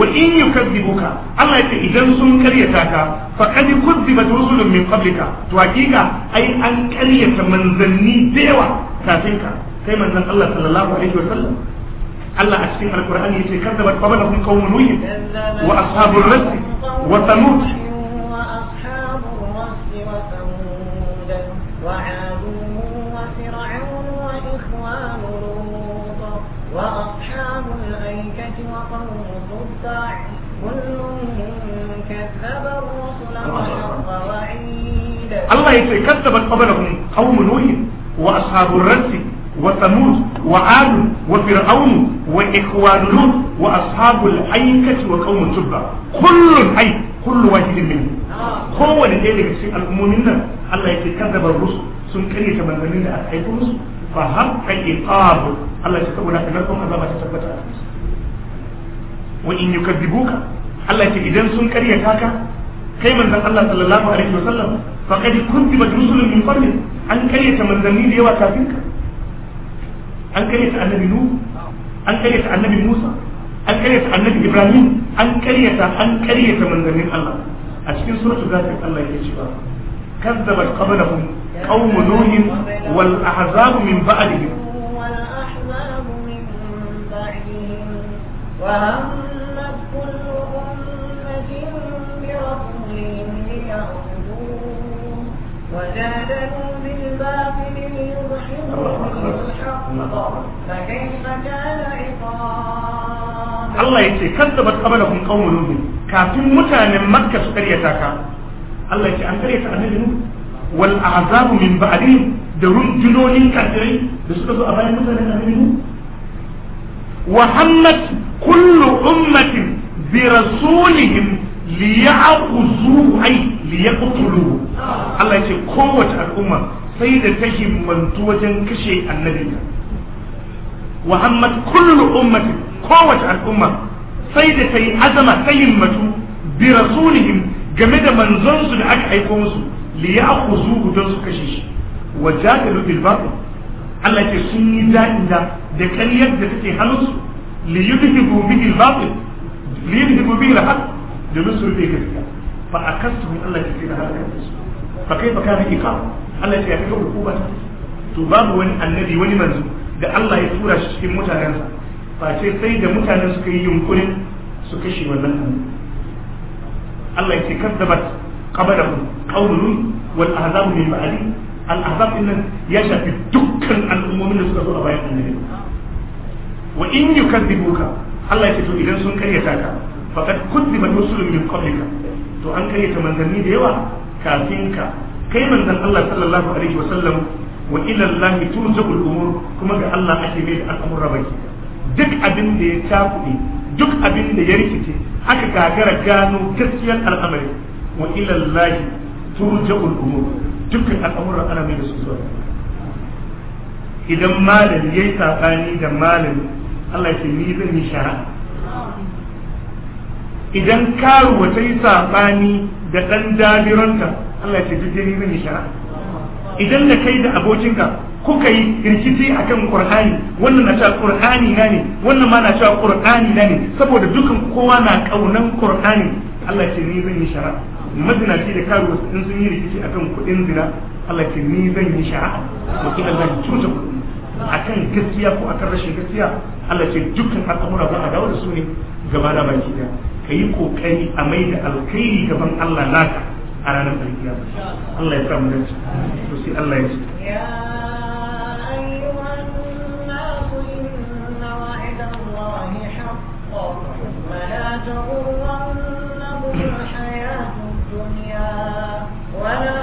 wa in yukazzibuka Allah ya ce idan sun karyata ka fa kad kuzzibat rusulun min qablika to hakika ai an karyata manzanni da yawa kafin ka kai manzan Allah sallallahu alaihi wasallam الله a على القرآن yace kadzabat qablahum qawmun nuh wa وعاد وفرعون وإخوان لوط وأصحاب الأيكة وقوم كل كذب الرسل وحق الله يتكذب قبلهم قوم نوح وأصحاب الرس وثمود وعاد وفرعون وإخوان لوط وأصحاب الأيكة وقوم تبع كل أي كل واحد منهم هو لذلك في المؤمنين الله يكذب الرسل سن كرية من ذنين أتحيكم فحق إقاب الله يتكبر لكم أبا ما تثبت وإن يكذبوك الله يتكذب سن كرية كاكا كيما ذن الله صلى الله عليه وسلم فقد كذبت رسل من قبل أن كرية من ذنين يوا كافينك هل أنكر يسأل النبي نوح هل أنكر يسأل النبي موسى هل أنكر يسأل النبي إبراهيم أنكر يسأل أنكر من ذنب الله أشكين سورة ذات الله يجب كذب قبلهم قوم نوح والأحزاب من بعدهم والأحزاب من بعدهم وجادلوا بالباطل ليضحكوا Allah ya ce kazzabat qablahum qawmun nuh kafin mutanen makka su karyata ka Allah ya ce an karyata annabi nuh wal azabu min ba'dihim da rundunonin kafirai da suka zo a bayan mutanen annabi nuh wa hammat kullu ummatin bi rasulihim liya'khuzuhu ay liyaqtuluhu Allah ya ce kowace al'umma sai da ta himmantu wajen kashe annabinta Wahammad hammat kullu kowace al'umma sai da ta yi azama ta himmatu bi rasulihim game da manzonsu da aka aiko musu li ya'khuzuhu don su kashe shi wa jadilu bil batil Allah ke sun yi da'inda da ƙaryar da take hannunsu li yudhibu bihi al batil li yudhibu bihi al haqq Allah ya to babu wani annabi wani da Allah ya tura shi cikin mutanensa ba ce sai da mutanen suka yi yunkurin su kashe wannan annabi Allah ya ce kaddabat qablahum qawlun wal ahzab min ba'di al ahzab innan ya shafi dukkan al'ummomin da suka zo a bayan annabi wa in yukadzibuka Allah ya ce to idan sun karyata ka faqad kudzibat rusulun min qablika to an karyata manzanni da yawa kafin ka kai manzon Allah sallallahu alaihi wasallam wa ila Allah turja'ul umur kuma ga Allah ake mai da al'amura baki duk abin da ya takuɗe duk abin da ya rikice aka gagara gano gaskiyar al'amari wa ila Allah turja'ul umur dukkan al'amura ana mai da su zuwa idan malami yayi sabani da malami Allah ya ce ni zan yi shara idan karuwa ta yi sabani da dan dabiranta Allah ya ce duk ni zan yi shara idan da kai da abokinka kuka yi rikici akan qur'ani wannan na cewa qur'ani na ne wannan ma na cewa qur'ani na ne saboda dukan kowa na kaunan qur'ani Allah ce ni zan yi shari'a mazinaci da karuwa in sun yi rikici akan kuɗin zina Allah ce ni zan yi shari'a ko kina zan cuta kuɗin akan gaskiya ko akan rashin gaskiya Allah ce dukkan al'amura ba a dawo da su ne gaba da baki ɗaya ka yi kokari a mai da alkhairi gaban Allah naka a ranar sarki Allah ya samu dace to sai Allah ya ce ولا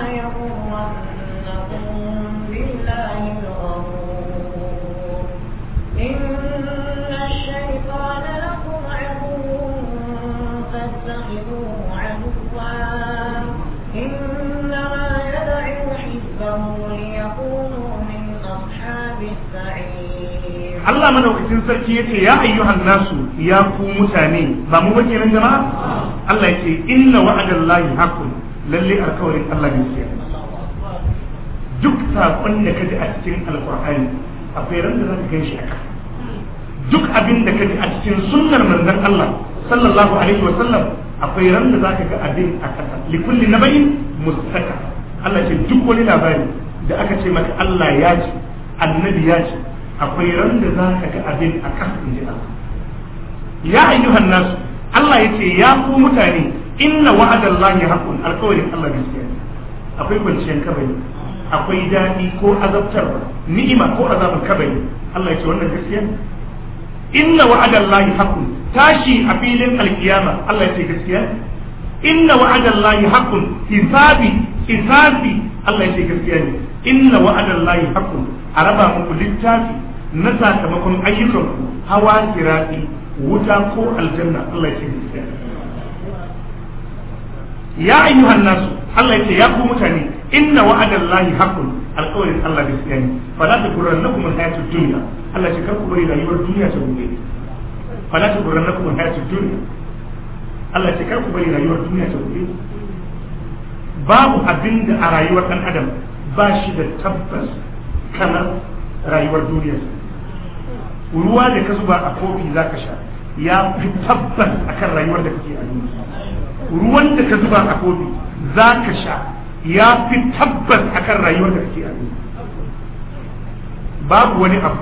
Allah mana madaukakin sarki ya ce ya ayyuhan nasu ya ku mutane ba mu bace nan jama'a Allah ya yace inna wa'adallahi haqqun lalle alkawarin Allah ne ke duk sakon da kaji a cikin alqur'ani akwai ran da zaka gan shi aka duk abin da kaji a cikin sunnar manzon Allah sallallahu alaihi wa sallam akwai ran da zaka ga abin a kasa likulli nabain mustaka Allah ya ce duk wani labari da aka ce maka Allah ya ce annabi ya ce akwai ran da za ka ga abin a kan inji Allah ya ayyuhan nasu Allah ya ce ya ku mutane inna wa'adallahi haqqun alƙawarin Allah gaskiya akwai kwanciyar kabari akwai daɗi ko azabtar ni'ima ko azabin kabari Allah ya ce wannan gaskiya inna wa'adallahi haqqun tashi a filin alkiyama Allah ya ce gaskiya inna wa'adallahi haqqun hisabi hisabi Allah ya ce gaskiya ne inna wa'adallahi haqqun a raba muku littafi na sakamakon ayyukan hawa kirati wuta ko aljanna Allah ya ce ya ayyuhan nasu Allah ya ce ya ku mutane inna wa'adallahi haqqun alƙawarin Allah gaskiya ne fala tughrannakum alhayatud dunya Allah ya ce kar ku bari rayuwar duniya ta ruɗe fala tughrannakum alhayatud dunya Allah ya ce kar ku bari rayuwar duniya ta ruɗe babu abin da a rayuwar ɗan adam ba shi da tabbas kamar rayuwar duniyarsa ruwa da ka zuba a kofi za ka sha ya fi tabbas akan rayuwar da kake a duniya ruwan da ka zuba a kofi za ka sha ya fi tabbas akan rayuwar da kake a duniya babu wani abu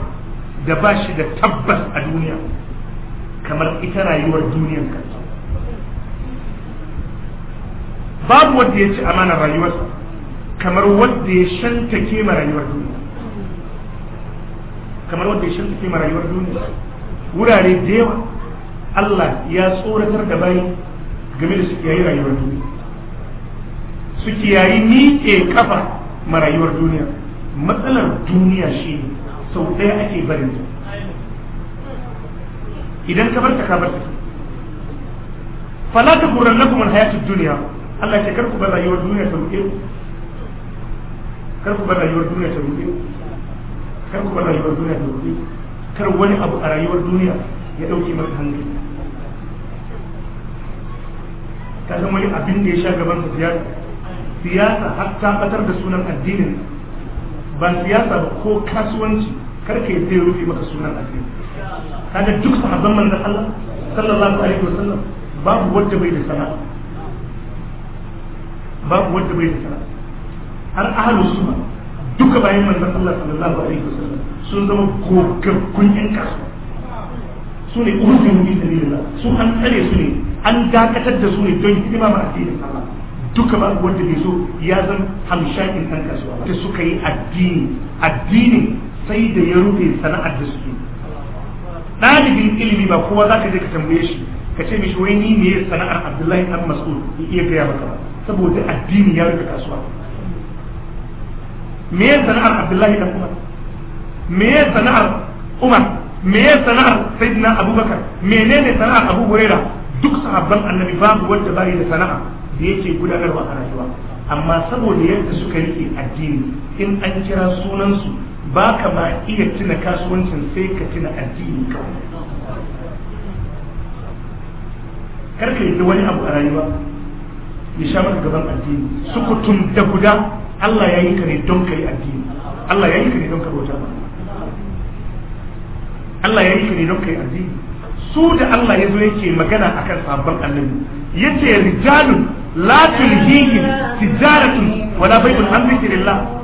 da ba shi da tabbas a duniya kamar ita rayuwar duniyar ka babu wanda ya ci amana rayuwarsa kamar wanda ya shanta kema rayuwar duniya kamar wanda ya shirka kima rayuwar duniya wurare da yawa Allah ya tsoratar da bayi game da su kiyayi rayuwar duniya su kiyayi miƙe kafa marayuwar duniya matsalar duniya shi ne sau ɗaya ake barin ta idan ka bar ta ka bar ta fala ta gurar na kuma hayatun duniya Allah ya ce karku bar rayuwar duniya ta ruɗe karku bar rayuwar duniya ta ruɗe kar ku bar rayuwar duniya da wuri kar wani abu a rayuwar duniya ya dauke masa hankali ka san wani abin da ya sha gaban sa siyasa siyasa har ta batar da sunan addinin ba siyasa ba ko kasuwanci kar ka yi rufe maka sunan addini kaga duk sahabban manzon Allah sallallahu alaihi wasallam babu wanda bai da sana'a babu wanda bai da sana'a har ahlus sunna duka bayan manzon Allah sallallahu alaihi wasallam sun zama gogaggun yan kasuwa su ne uhudu bi sabilillah su an tsare su ne an dakatar da su ne don hidima ma addinin Allah duka ba wanda bai so ya zan hamshakin ɗan kasuwa da suka yi addini addini sai da ya rufe sana'ar da suke ɗalibin ilimi ba kowa za ka je ka tambaye shi ka ce mishi wai ni ne sana'ar abdullahi ɗan mas'ud ya iya gaya maka ba saboda addini ya rufe kasuwa me ya sana'ar abdullahi dan umar me ya sana'ar umar me ya sana'ar sayyidina abubakar menene sana'ar abu huraira duk sahabban annabi babu wanda bai da sana'a da yake gudanarwa a rayuwa amma saboda yadda suka rike addini in an kira sunansu ba ka ma iya tuna kasuwancin sai ka tuna addini kawai ka yi wani abu a rayuwa ya sha maka gaban addini sukutun da guda Allah ya yi ka ne don ka yi addini Allah ya yi ka ne don ka bauta Allah ya yi ka ne don ka yi addini su da Allah ya zo yake magana akan sabon annabi yace rijalu la tulhihim tijaratun wala bai'un an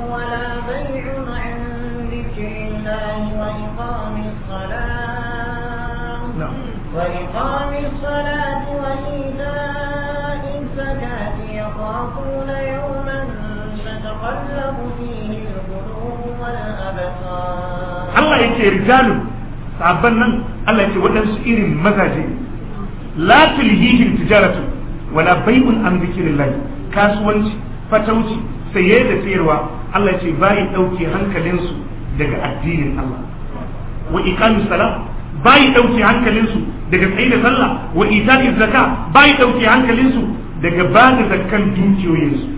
وإقام الصلاة Allah ya ce rijalu sabban nan Allah ya ce waɗansu irin mazaje la tulhihim tijaratu wala bay'un an zikrillah kasuwanci fatauci saye da sayarwa Allah ya ce bai dauke hankalinsu daga addinin Allah wa iqamis salat bai dauke hankalinsu daga tsayi da sallah wa ita'i zakka bai dauke hankalinsu daga ba da zakkan dukiyoyinsu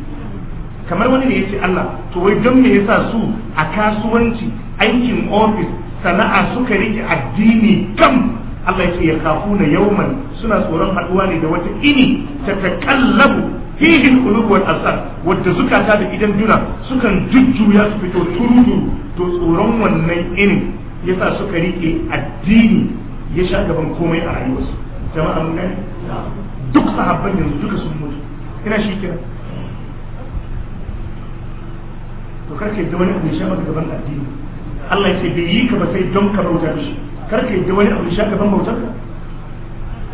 kamar wani ne ya ce Allah to wai don me yasa su a kasuwanci aikin ofis sana'a suka rike addini kam Allah ya ce ya kafuna yauman suna tsoron haduwa ne da wata ini ta takallabu fihin qulub wal asar wadda zukata da idan juna sukan jujjuya su fito turudu to tsoron wannan ya sa suka rike addini ya sha gaban komai a rayuwarsu jama'a mun gani duk sahabban yanzu duka sun mutu ina shi kira to karke da wani abu ya sha maka gaban addini Allah ya ce bai yi ka ba sai don ka bauta shi kar ka yadda wani abu ya sha gaban bautarka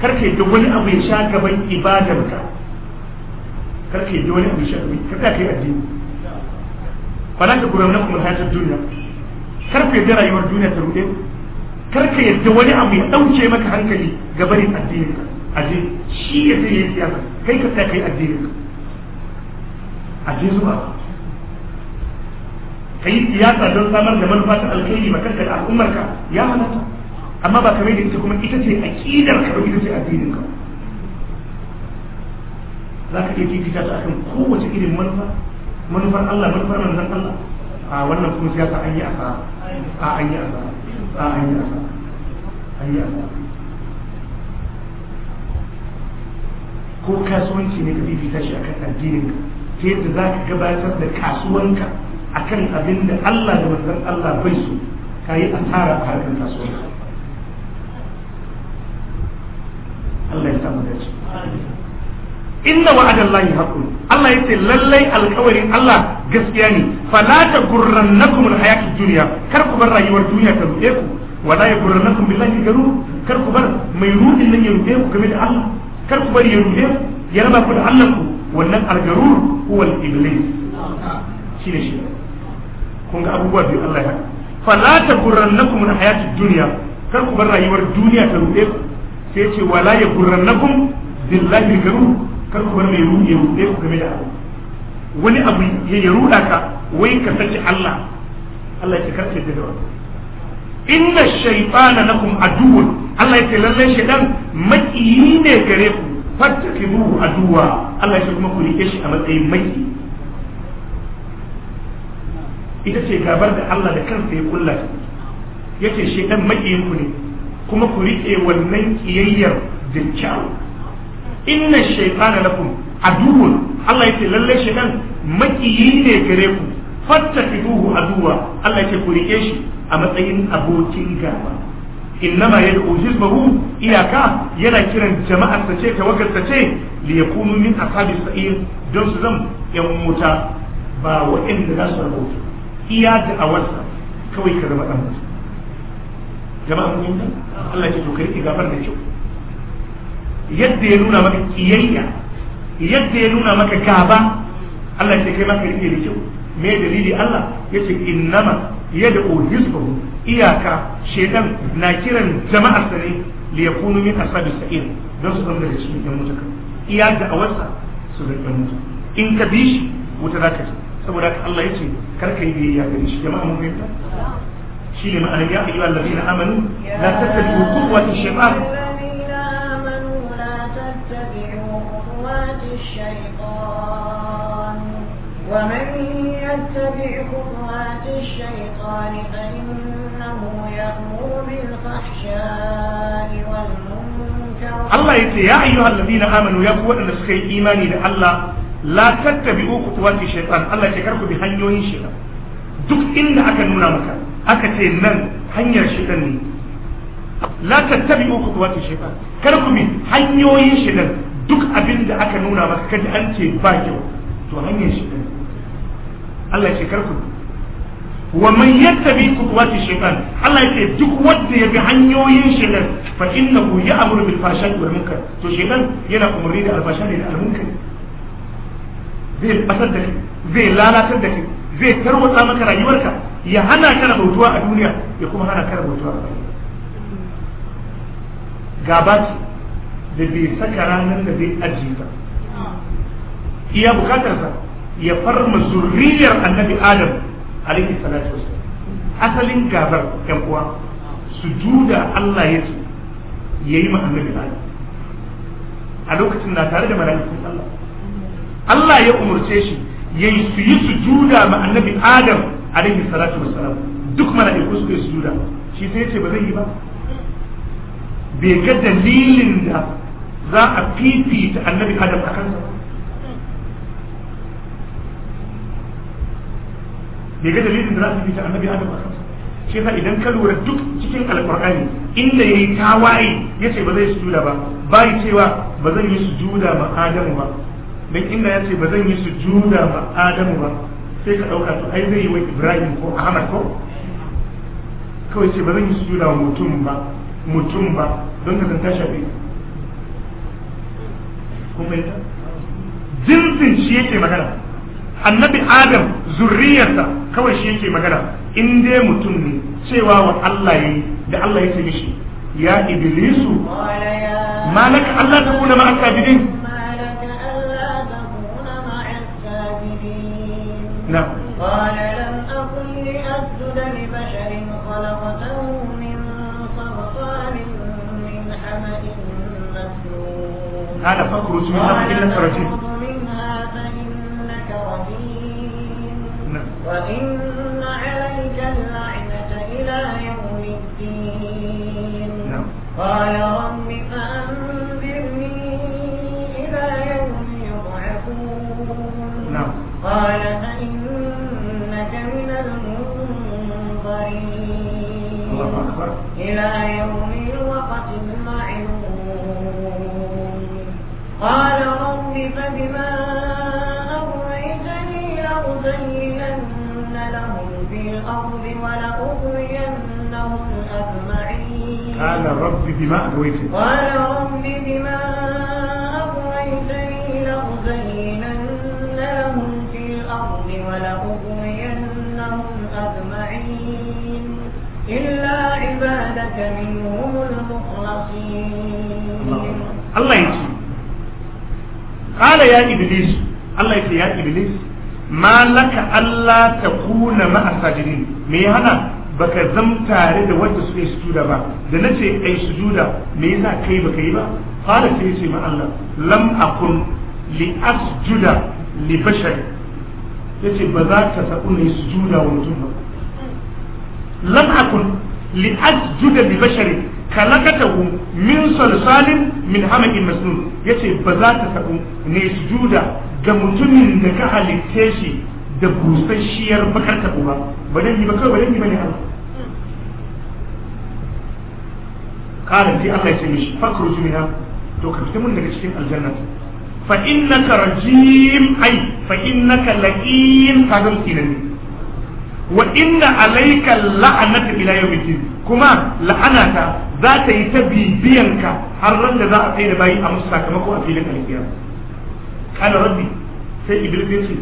kar ka yadda wani abu ya sha gaban ibadarka kar ka yadda wani abu ya sha gaban ka tsaya kai addini fa nan ka gura nan kuma hayatar kar ka yadda rayuwar duniya ta rude kar ka yadda wani abu ya dauke maka hankali gabanin addininka aje shi ya sai ya siyasa kai ka tsaya kai addininka aje zuwa ka yi siyasa don samar da manufa ta alkhairi ma kanka da al'ummarka ya halatta amma ba kamar da ita kuma ita ce a aqidar ka ita ce addinin ka za ka iya fifita ta akan kowace irin manufa manufar Allah manufar manzon Allah a wannan kuma siyasa an yi asara a an yi asara a an yi asara an yi asara ko kasuwanci ne ka fifita shi akan addinin ka ta yadda za ka gabatar da kasuwanka akan abin da Allah da manzon Allah bai so kayi asara a harkar kasuwanci Allah ya samu dace inna wa'adallahi haqqun Allah yace lallai alƙawarin Allah gaskiya ne fala ta gurrannakum alhayatud dunya kar ku bar rayuwar duniya ta ruɗe ku wala ya gurrannakum billahi garu kar ku bar mai ruɗin nan ya rufe ku game da Allah kar ku bar ya rufe? ku ya raba ku da Allah ku wannan algarur huwal iblis shine shi kun ga abubuwa biyu Allah ya fala taghurrannakum min hayatid dunya kar ku bar rayuwar duniya ta ruɗe ku sai ce wala yaghurrannakum billahi garur kar ku bar mai ruɗe ruɗe ku game da abu wani abu ya ruɗa ka wai ka saki Allah Allah ya ce kar ka da wannan inna shaytana lakum aduwwun Allah ya ce lallai shaytan makiyi ne gare ku fattakibuhu aduwa Allah ya ce kuma ku rike shi a matsayin makiyi ita ce gabar da Allah da kansa ya kulla ya ce shi ɗan maƙiyin ku ne kuma ku riƙe wannan ƙiyayyar da kyau inna shaytana lakum aduwwun Allah ya ce lallai shi ɗan maƙiyi ne gare ku fattakiduhu aduwa Allah ya ce ku riƙe shi a matsayin abokin gaba innama yad'u hizbahu iyaka yana kiran jama'ar sa ce tawakkal sa ce li yakunu min ashabis sa'ir don su zam yan wuta ba waɗanda za su iya da'awarsa kawai ka zama ɗan mutum jama'a mun yi Allah ya to kai ki gafar da kyau yadda ya nuna maka kiyayya yadda ya nuna maka gaba Allah ya kai maka rike da kyau me dalili Allah yace innama yad'u hizbahu iyaka shedan na kiran jama'ar sa ne li yakunu min ashabi sa'ir dan su zama daga cikin yan mutaka iya da'awarsa su zama mutum in ka bishi wuta za ka ci saboda haka Allah yace kar ka yi biyayya gare shi jama'a mun fahimta shi ne ma'anar ya ayyuhal ladina amanu la tattabi'u khutuwati shaytan ومن يتبع خطوات الشيطان فإنه يأمر بالفحشاء والمنكر الله يقول يا أيها الذين آمنوا يا قوة la tattabi'u khutuwati shaytan Allah ya karku bi hanyoyin shaytan duk inda aka nuna maka aka ce nan hanyar shaytan ne la tattabi'u khutuwati shaytan karku bi hanyoyin shaytan duk abinda aka nuna maka kaji an ce ba kyau to hanyar shaytan Allah ya karku wa man yattabi khutuwati shaytan Allah ya ce duk wanda ya bi hanyoyin shaytan fa innahu ya'muru bil fahsha'i wal munkar to shaytan yana umurni da albashari da al munkar zai basar da kai zai lalatar da kai zai tarwatsa maka rayuwarka ya hana ka bautuwa a duniya ya kuma hana ka bautuwa a duniya gaba da bai saka ranar da zai ajiye ba iya bukatarsa ya farma zurriyar annabi adam alaihi salatu wasallam asalin gabar yan uwa juda Allah ya ce yayi ma annabi adam a lokacin na tare da mala'ikun Allah Allah ya umarce shi ya yi su yi sujuda ma annabi Adam alaihi salatu wassalam duk mana mala'iku su yi sujuda shi sai ce ba zai yi ba bai ga dalilin da za a fifita annabi Adam a kansa bai ga dalilin da za a fifita annabi Adam a kansa shi yasa idan ka lura duk cikin alƙur'ani inda yayi tawaye yace ba zai sujuda ba bai cewa ba zan yi sujuda ma Adam ba dan inda ya ce ba zan yi sujuda ba adamu ba sai ka ɗauka to ai zai yi wa ibrahim ko ahmad ko kawai ce ba zan yi sujuda wa mutum ba mutum ba don ka san ta shafe jinsin shi yake magana annabi adam zurriyarsa kawai shi yake magana in dai mutum ne cewa wa Allah yi da Allah ya yake mishi ya iblisu malaka Allah ta kuna ma'a sabidin تخرج منه إنك رجيم رب بما أغويتني قال رب بما أغويتني لأزيننهم في الأرض ولأغوينهم أجمعين إلا عبادك منهم المخلصين الله يجزي قال يا إبليس الله يجزي يا إبليس ما لك ألا تكون مع الساجدين ميهنا baka zam tare da wanda suka yi sujuda ba da nace ai sujuda me yasa kai baka yi ba fara sai ce ma Allah lam akun li asjuda li bashar yace ba za ta sabu ne sujuda wa mutum ba lam akun li asjuda li bashar kalakatahu min salsalin min hamakin masnun yace ba za ta sabu ne sujuda ga mutumin da ka halitte shi da busasshiyar bakar tabo ba ba dan ba kawai ba dan ba ne Allah kare ji Allah ya ce mishi fakru jumina to ka fita mun daga cikin aljanna fa innaka rajim ai fa innaka laqim ka ga kinani wa inna alayka la'anata ila yawmin kuma la'anata za ta yi ta bibiyanka har ran za a kai da bayi a musu sakamako a filin alkiyama kana rabbi sai iblis ya ce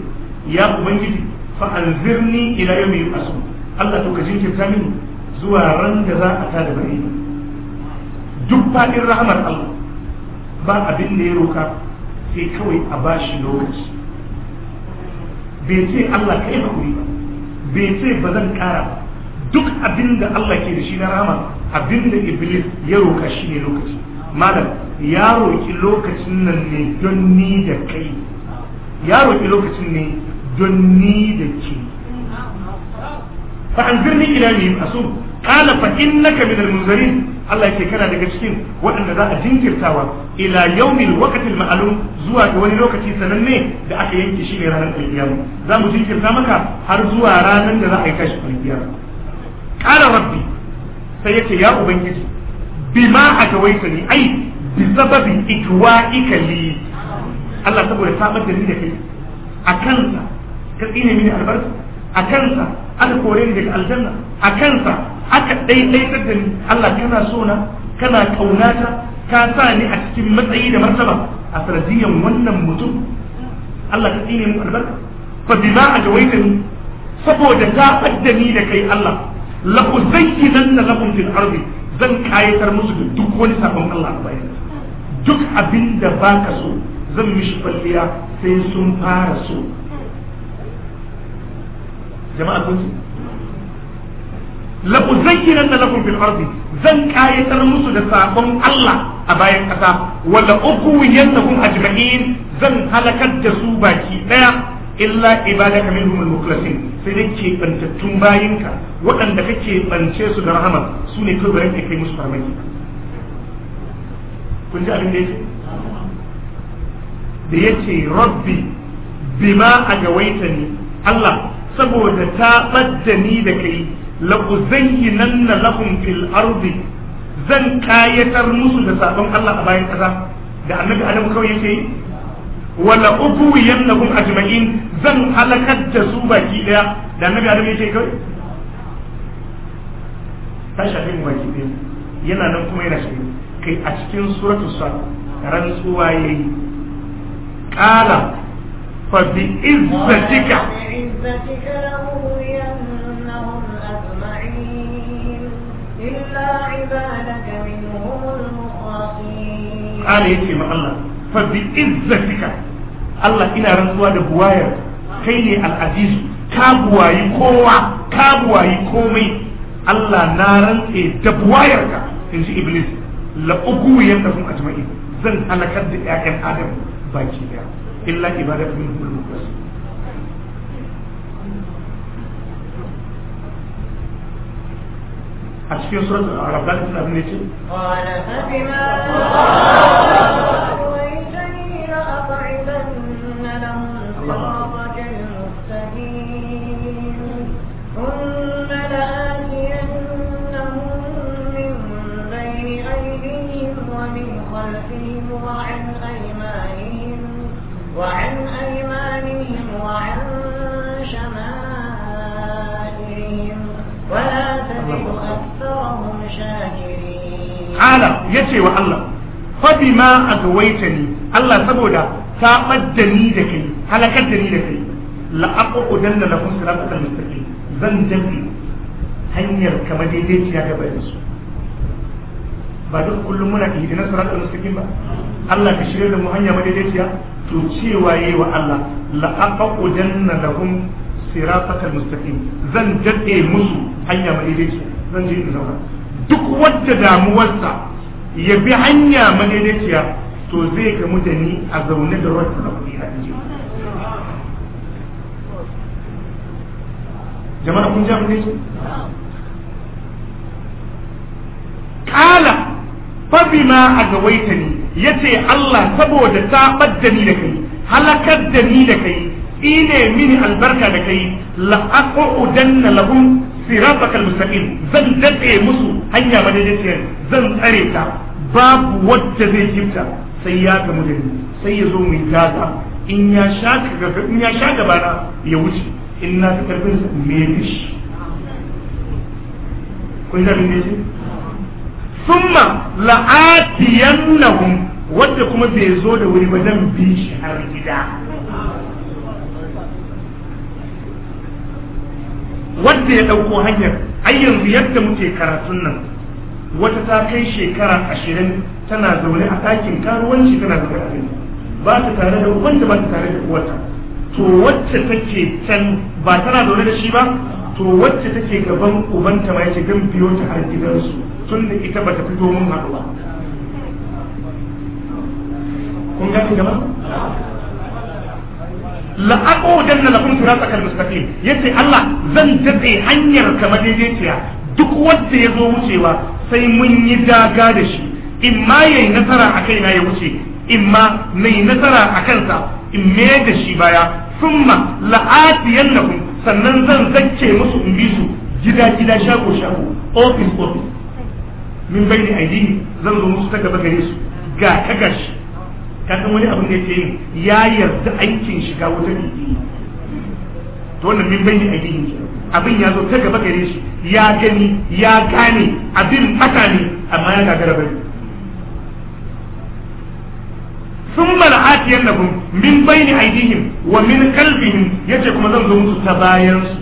ya ubangiji fa anzirni ila yawmi yub'asun Allah to ka jinkirta mini zuwa ran da za a tada bari duk fadin rahmar Allah ba abin da ya roka sai kawai a bashi lokaci bai ce Allah kai hakuri ba bai ce ba zan kara ba duk abin da Allah ke da shi na rahama abin da Iblis ya roka shi ne lokaci malam ya roki lokacin nan ne don ni da kai ya roki lokacin ne don ni da ke fa an zirni ila mai asu kala fa innaka minal munzarin Allah yake kana daga cikin waɗanda za a jinkirtawa ila yaumil waqtil ma'lum zuwa ga wani lokaci sananne da aka yanke shi ne ranar alkiyama za mu jinkirta maka har zuwa ranar da za a yi tashi alkiyama qala rabbi sai yace ya ubangiji bima atawaitani ai bi sababi ikwa'ika li Allah saboda sabar da ni da kai akan ka tsine mini albarka a kansa aka kore ni daga aljanna a kansa aka ɗaiɗaitar da ni Allah kana so na kana ta ka sa ni a cikin matsayi da martaba a sanadiyan wannan mutum Allah ka tsine mu albarka fa bima ni saboda ta fadda ni da kai Allah la uzayyinanna lakum fil ardi zan kayatar musu da duk wani sabon Allah a bayan duk abin da baka so zan mishi kwalliya sai sun fara so jama'a kun ji la uzayyinan lakum fil ardi zan kayatar musu da sabon Allah a bayan kasa wala uqwiyannahum ajma'in zan halakar da su baki daya illa ibadaka minhum al-mukhlasin sai dai ke bantattun bayinka waɗanda kake bance su da rahama su ne kawai bare kai musu farmaki kun ji abin da yake da yace rabbi bima agawaitani Allah saboda ta ɓadda ni da kai la'uzayyinan na lahum fil ardi zan kayatar musu da sabon Allah a bayan kasa da annabi Adam kawai yake yi wala ubuyannahum ajma'in zan halakar da su baki daya da annabi Adam yake kawai ta shafi mu baki daya yana nan kuma yana shafi kai a cikin suratul sa rantsuwa yayi qala فبعزتك بعزتك لأغوينهم أجمعين إلا عبادك منهم المخلصين قال يتي مع الله فبعزتك الله إلى رسوله بواير كيني العزيز كابواي كوا كابواي كومي الله نارن إيه دبواير إنجي إبليس لأغوينهم أجمعين زن هلكت بأكل آدم باكي ديالك illa ibadatu minhum al-mukhlas a cikin suratul arab da abin ne وعن أيمانهم وعن شمائلهم ولا تجد أكثرهم شاكرين قال يتي وعلا فبما أغويتني الله سبودا تابدني دكي هلكتني لأقعدن لهم المستقيم zan جنبي hanyar kamar daidaiciya ga bayansu ba duk kullum muna ihdinas siratal ba Allah ka shirya da mu hanya madaidaiciya to cewa yayi wa Allah la aqudanna lahum siratal mustaqim zan jadde musu hanya madaidaiciya zan je in zauna duk wanda damuwarsa ya bi hanya madaidaiciya to zai gamu da ni a zaune da ruwan na kuɗi a cikin jama'a kun ja ne kala fa bima agawaitani Ya ce Allah saboda tabar da ni da kai halakar da ni da kai ine mini albarka da kai la aqudanna lahum siratal mustaqim zan dade musu hanya ba madaidaiciyar zan tsare ta babu wanda zai jibta sai ya gamu da ni sai ya zo mu gaza in ya sha in ya sha gaba na ya wuce in na ta karfin me dish kun da ne thumma la'atiyannahum wanda kuma bai zo da wuri ba zan bi shi har gida wanda ya ɗauko hanyar ai yanzu yadda muke karatun nan wata ta kai shekara ashirin tana zaune a ɗakin karuwanci tana zaune a ba ta tare da wanda ba ta tare da uwarta to wacce take can ba tana zaune da shi ba to wacce take gaban ubanta ma yake gan biyo ta har gidansu tun da ita bata fito mun haɗu ba kun gani gama la aqudanna lakum siratal mustaqim yace Allah zan dabe hanyar ka madaidaiciya duk wanda ya zo wucewa sai mun yi daga da shi in ma yayi nasara a na ya wuce in ma nayi nasara a kansa in me da shi baya summa la'atiyannakum sannan zan zacce musu in bi su gida gida shago shago office office min bai da aidi zan zo musu ta gaba gare su ga ta gashi ka san wani abin da yake yi ya yarda aikin shiga wutar idi to wannan min bai da aidi abin ya zo ta gaba gare shi ya gani ya gane abin fata ne amma ya gagara bari sun mala'atiyar nahum min bayni aidihim wa min kalbihim yace kuma zan zo musu ta bayan su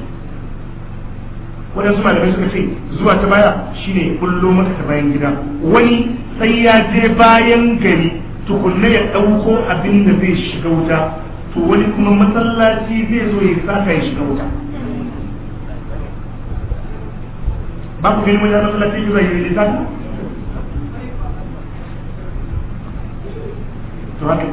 waɗansu malamai suka ce zuwa ta baya shine kullo maka ta bayan gida wani sai ya je bayan gari tukunna ya ɗauko abin da zai shiga wuta to wani kuma masallaci zai zo ya saka ya shiga wuta ba ku gani wajen masallaci ya zai yi lissafi to haka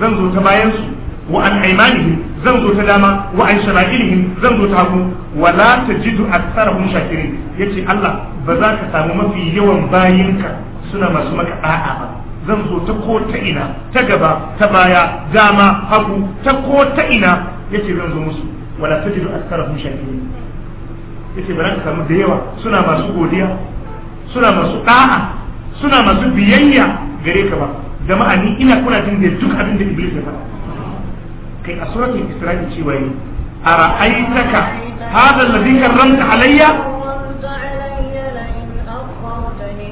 zan zo ta bayan su Wa'an an aymanihim zan zo ta dama wa an shama'ilihim zan zo ta hagu wa la tajidu aktsarahum shakirin yace Allah ba za ka samu mafi yawan bayinka suna masu maka ba zan zo ta ko ta ta gaba ta baya dama hagu ta ko zan zo ba za ka samu da yawa suna masu godiya suna masu da'a suna masu biyayya gare ka ba jama'a ni ina kuna jin da duk abin da iblis ya faɗa كي a suratul isra'i أرأيتك هذا الذي كرمت علي لئن أخرتني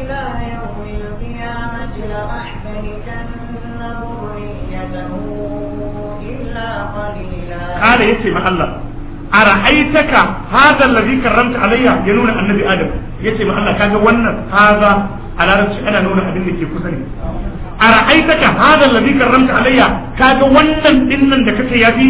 إلى يوم القيامة لأحملكن ذريته إلا قليلا قال يسمع الله أرأيتك هذا الذي كرمت علي ينون النبي آدم يسمع الله كان wannan هذا a larabci ana nuna abin da ke kusa ne a ra'aitaka hada alladhi karramta alayya ka ga wannan dinnan da kace yafi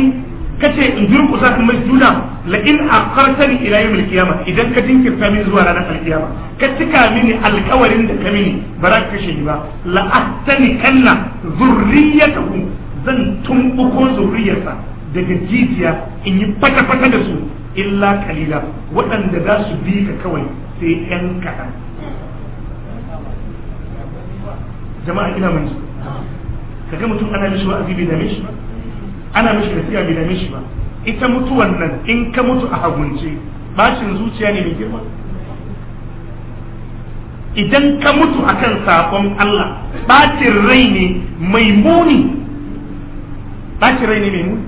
kace in durkusa in juna la in akhartani ila yawm al-qiyamah idan ka jinkirta min zuwa ranar al-qiyama ka cika mini alkawarin da ka mini ba ka kashe ni ba la ahtani kanna zurriyatahu zan tumbuko zurriyarsa daga jijiya in yi fata-fata da su illa kalila waɗanda za su bi ka kawai sai yan kaɗan jama'a ina mun ji kaga mutum ana mishi wa'azi bi dame shi ba ana mishi nasiha bai dame shi ba ita mutuwan nan in ka mutu a hagunce bashin zuciya ne mai girma idan ka mutu akan sakon Allah bacin rai ne mai muni bacin rai ne mai muni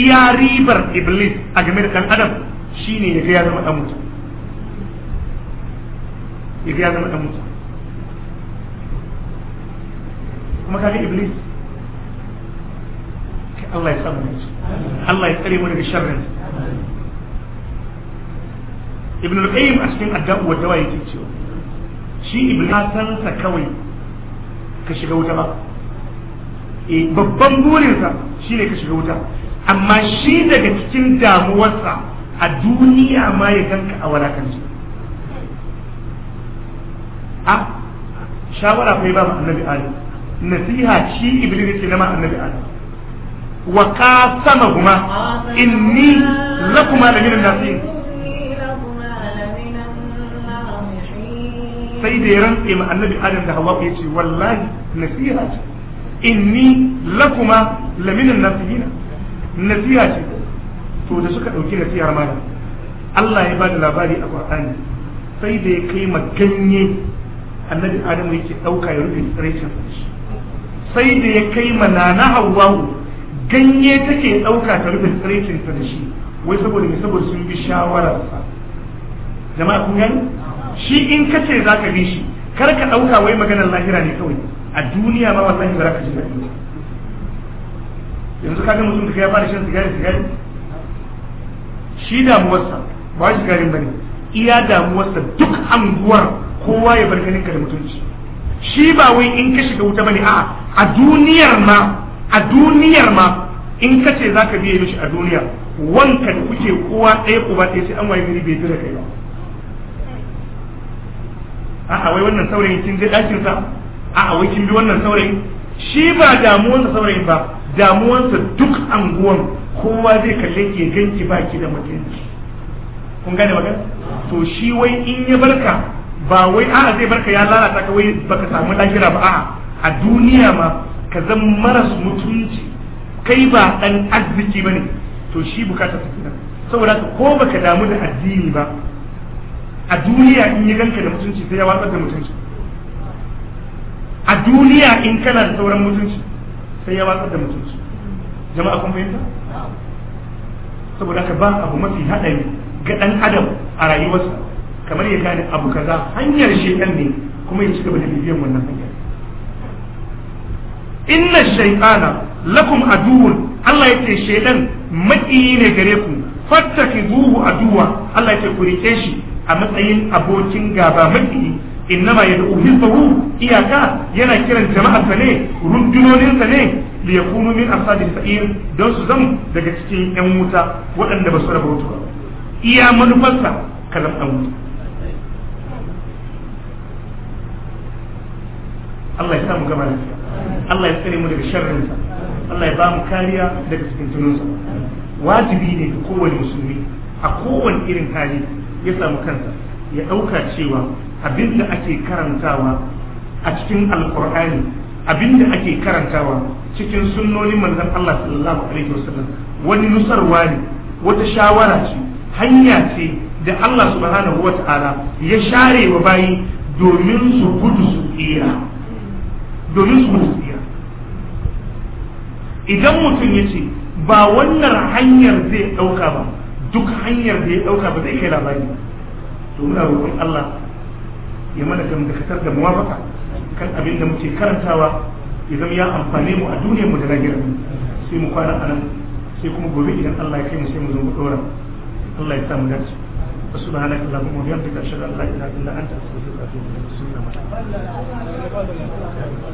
iya ribar iblis a game da dan adam shine ya ga ya zama dan mutu ya ga ya zama dan mutu kuma kaga iblis Allah ya samu ne Allah ya tsare mu daga sharrin ibn al-qayyim a cikin addu'a wa dawa yake cewa shi iblis san sa kawai ka shiga wuta ba eh babban burinsa shine ka shiga wuta amma shi daga cikin damuwarsa a duniya ma ya kanka a walakanci a ah, shawara fa ba annabi ali nasiha shi iblis ce na ma annabi adam wa qasamahuma inni lakuma la min an-nasihin sai da ya rantse ma annabi adam da Hawwa ya ce wallahi nasiha ce inni lakuma la min an-nasihin nasiha ce to da suka dauki nasihar malam Allah ya ba da labari a Qur'ani sai da ya kai ma ganye annabi Adamu yake dauka ya rufe tsirrai sai da ya kai mana na hawawu ganye take ɗauka ta rufe ta da shi wai saboda mai saboda sun bi shawararsa jama'a kun gani shi in kace za ka bi shi kar ka ɗauka wai maganar lahira ne kawai a duniya ma wallahi ba za ka ji daɗi yanzu ga mutum da ya fara shan sigari sigari shi damuwarsa ba shi garin bane iya damuwarsa duk anguwar kowa ya bar ganin ka da mutunci shi ba wai in ka shiga wuta bane a'a a duniyar ma a duniyar ma in ka ce za ka biye mishi a duniya wanka da kuke kowa ɗaya ba ɗaya sai an waye mini bai tura kai ba a'a wai wannan saurayin kin je ɗakin sa a'a wai kin bi wannan saurayin shi ba damuwansa saurayin ba damuwansa duk anguwan kowa zai kalle ke ganki baki da mutunci kun gane magana to shi wai in ya barka ba wai a'a zai barka ya lalata ka wai baka samu lahira ba a'a a duniya ma ka zan maras mutunci kai ba dan arziki bane to shi bukata ta kina saboda ko baka damu da addini ba a duniya in ya ganka da mutunci sai ya watsar da mutunci a duniya in kana da sauran mutunci sai ya watsar da mutunci jama'a kun fahimta saboda ka ba abu mafi haɗari ga ɗan adam a rayuwarsa kamar ya gane abu kaza hanyar shekan ne kuma ya ci gaba da bibiyan wannan hanyar inna shaytana lakum aduwwun Allah yake shedan maƙiyi ne gare ku fattakizuhu aduwa Allah yake ku shi a matsayin abokin gaba maƙiyi innama yad'u hizbahu iyaka yana kiran jama'arsa ne rundunoninsa ne li yakunu min asadi sa'ir don su zama daga cikin yan wuta waɗanda ba su raba wuta ba iya manufarsa kalam ɗan wuta Allah ya samu gama lafiya Allah ya tsare mu daga sharrin Allah ya ba mu kariya daga cikin sa wajibi ne ga kowane musulmi a kowane irin hali ya samu kansa ya ɗauka cewa abin da ake karantawa a cikin alkur'ani abin da ake karantawa cikin sunnonin manzon Allah sallallahu alaihi wasallam wani nusarwa ne wata shawara ce hanya ce da Allah subhanahu wa ta'ala ya share wa bayi domin su gudu su tsira domin su nasiya idan mutum ya ce ba wannan hanyar zai ɗauka ba duk hanyar da ya ɗauka ba zai kai labari to muna roƙon Allah ya mana kan dakatar da muwafaka kan abin da muke karantawa idan ya amfane mu a duniyar mu da lahira sai mu kwana anan sai kuma gobe idan Allah ya kai mu sai mu zo mu dora Allah ya sa mu dace سبحانك اللهم وبحمدك اشهد ان لا اله الا انت استغفرك واتوب اليك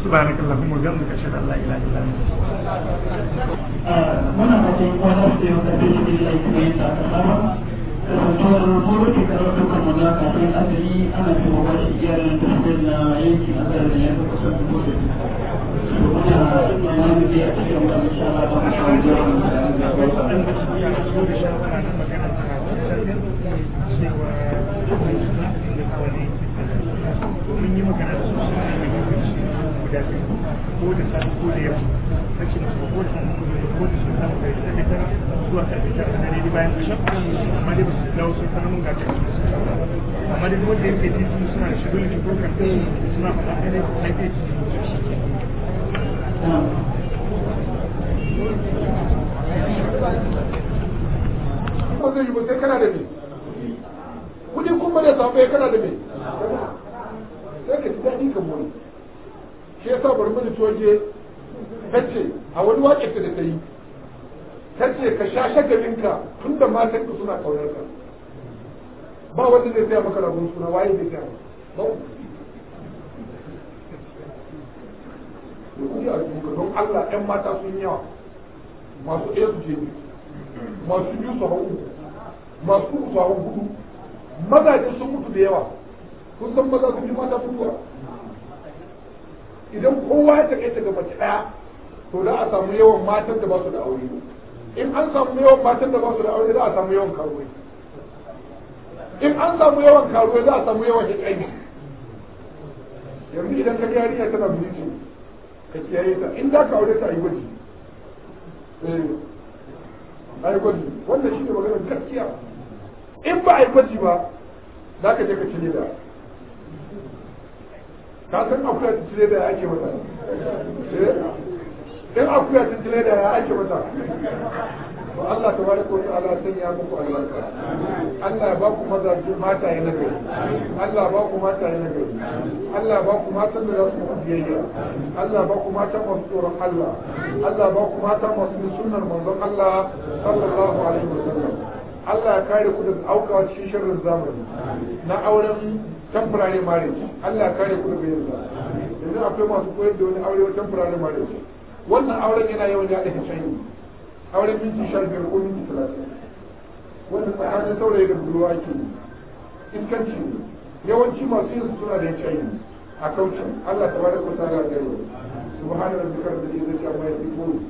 سبحانك اللهم وبحمدك اشهد ان لا اله الا انت muna fatan kwan haske wata da shi da shi ne ta kasama kasancewar kowace karatu kan wanda ka san asali ana fi kowa shi gyaran tafiyar na yankin azar da ya fi kusan dubu da su muna yana nufi a cikin wani shara ba a kan zuwa mutane da ba ba cewa mun yi magana safe ko da a yi kana da me kuma da kana da me sai ka ji daɗi ka mori shi sa bari mun toje ce a wani waƙe da ta yi ce ka sha shagalinka tun da matan ka suna kaunar ka ba wanda zai tsaya maka rabon suna waye zai tsaya ba ku a ku don Allah ɗan mata sun yawa masu ɗaya su je masu biyu su hau masu uku su hau hudu mazaje sun mutu da yawa kun san maza sun yi mata mutuwa idan kowa ya takaita ga mace ɗaya to za a samu yawan matan da ba su da aure in an samu yawan matan da ba su da aure za a samu yawan karuwai in an samu yawan karuwai za a samu yawan hikai yanzu idan ka yarinya tana bilicin ka kiyaye ta in za ka aure ta a yi gwaji eh, a yi gwaji wannan shi ne maganar gaskiya in ba a yi gwaji ba za ka je ka cire da ka san akuya tuntule da ya ake mata eh? in akuya tuntule da ya ake mata to Allah ta kotu Allah ta'ala sanya muku albarka Allah ya ba ku mazaje mata ya nagari Allah ba ku mata ya nagari Allah ba ku mata da za su ku biyayya Allah ba ku mata masu tsoron Allah Allah ba ku mata masu bi sunnar manzon Allah sallallahu alaihi wasallam Allah ya kare ku daga aukawa cikin shirin zamani na auren temporary marriage Allah kare ku daga yin yanzu akwai masu koyar da wani aure temporary marriage wannan auren yana yawan ya ɗaya sanyi auren minti sha biyar ko minti talatin wannan tsakanin saurayi da budurwa ake yi iskanci yawanci masu yin suna da yi a kaucin Allah ta tabaraka wa ta'ala gare subhanallahi rabbil izzati amma yasifun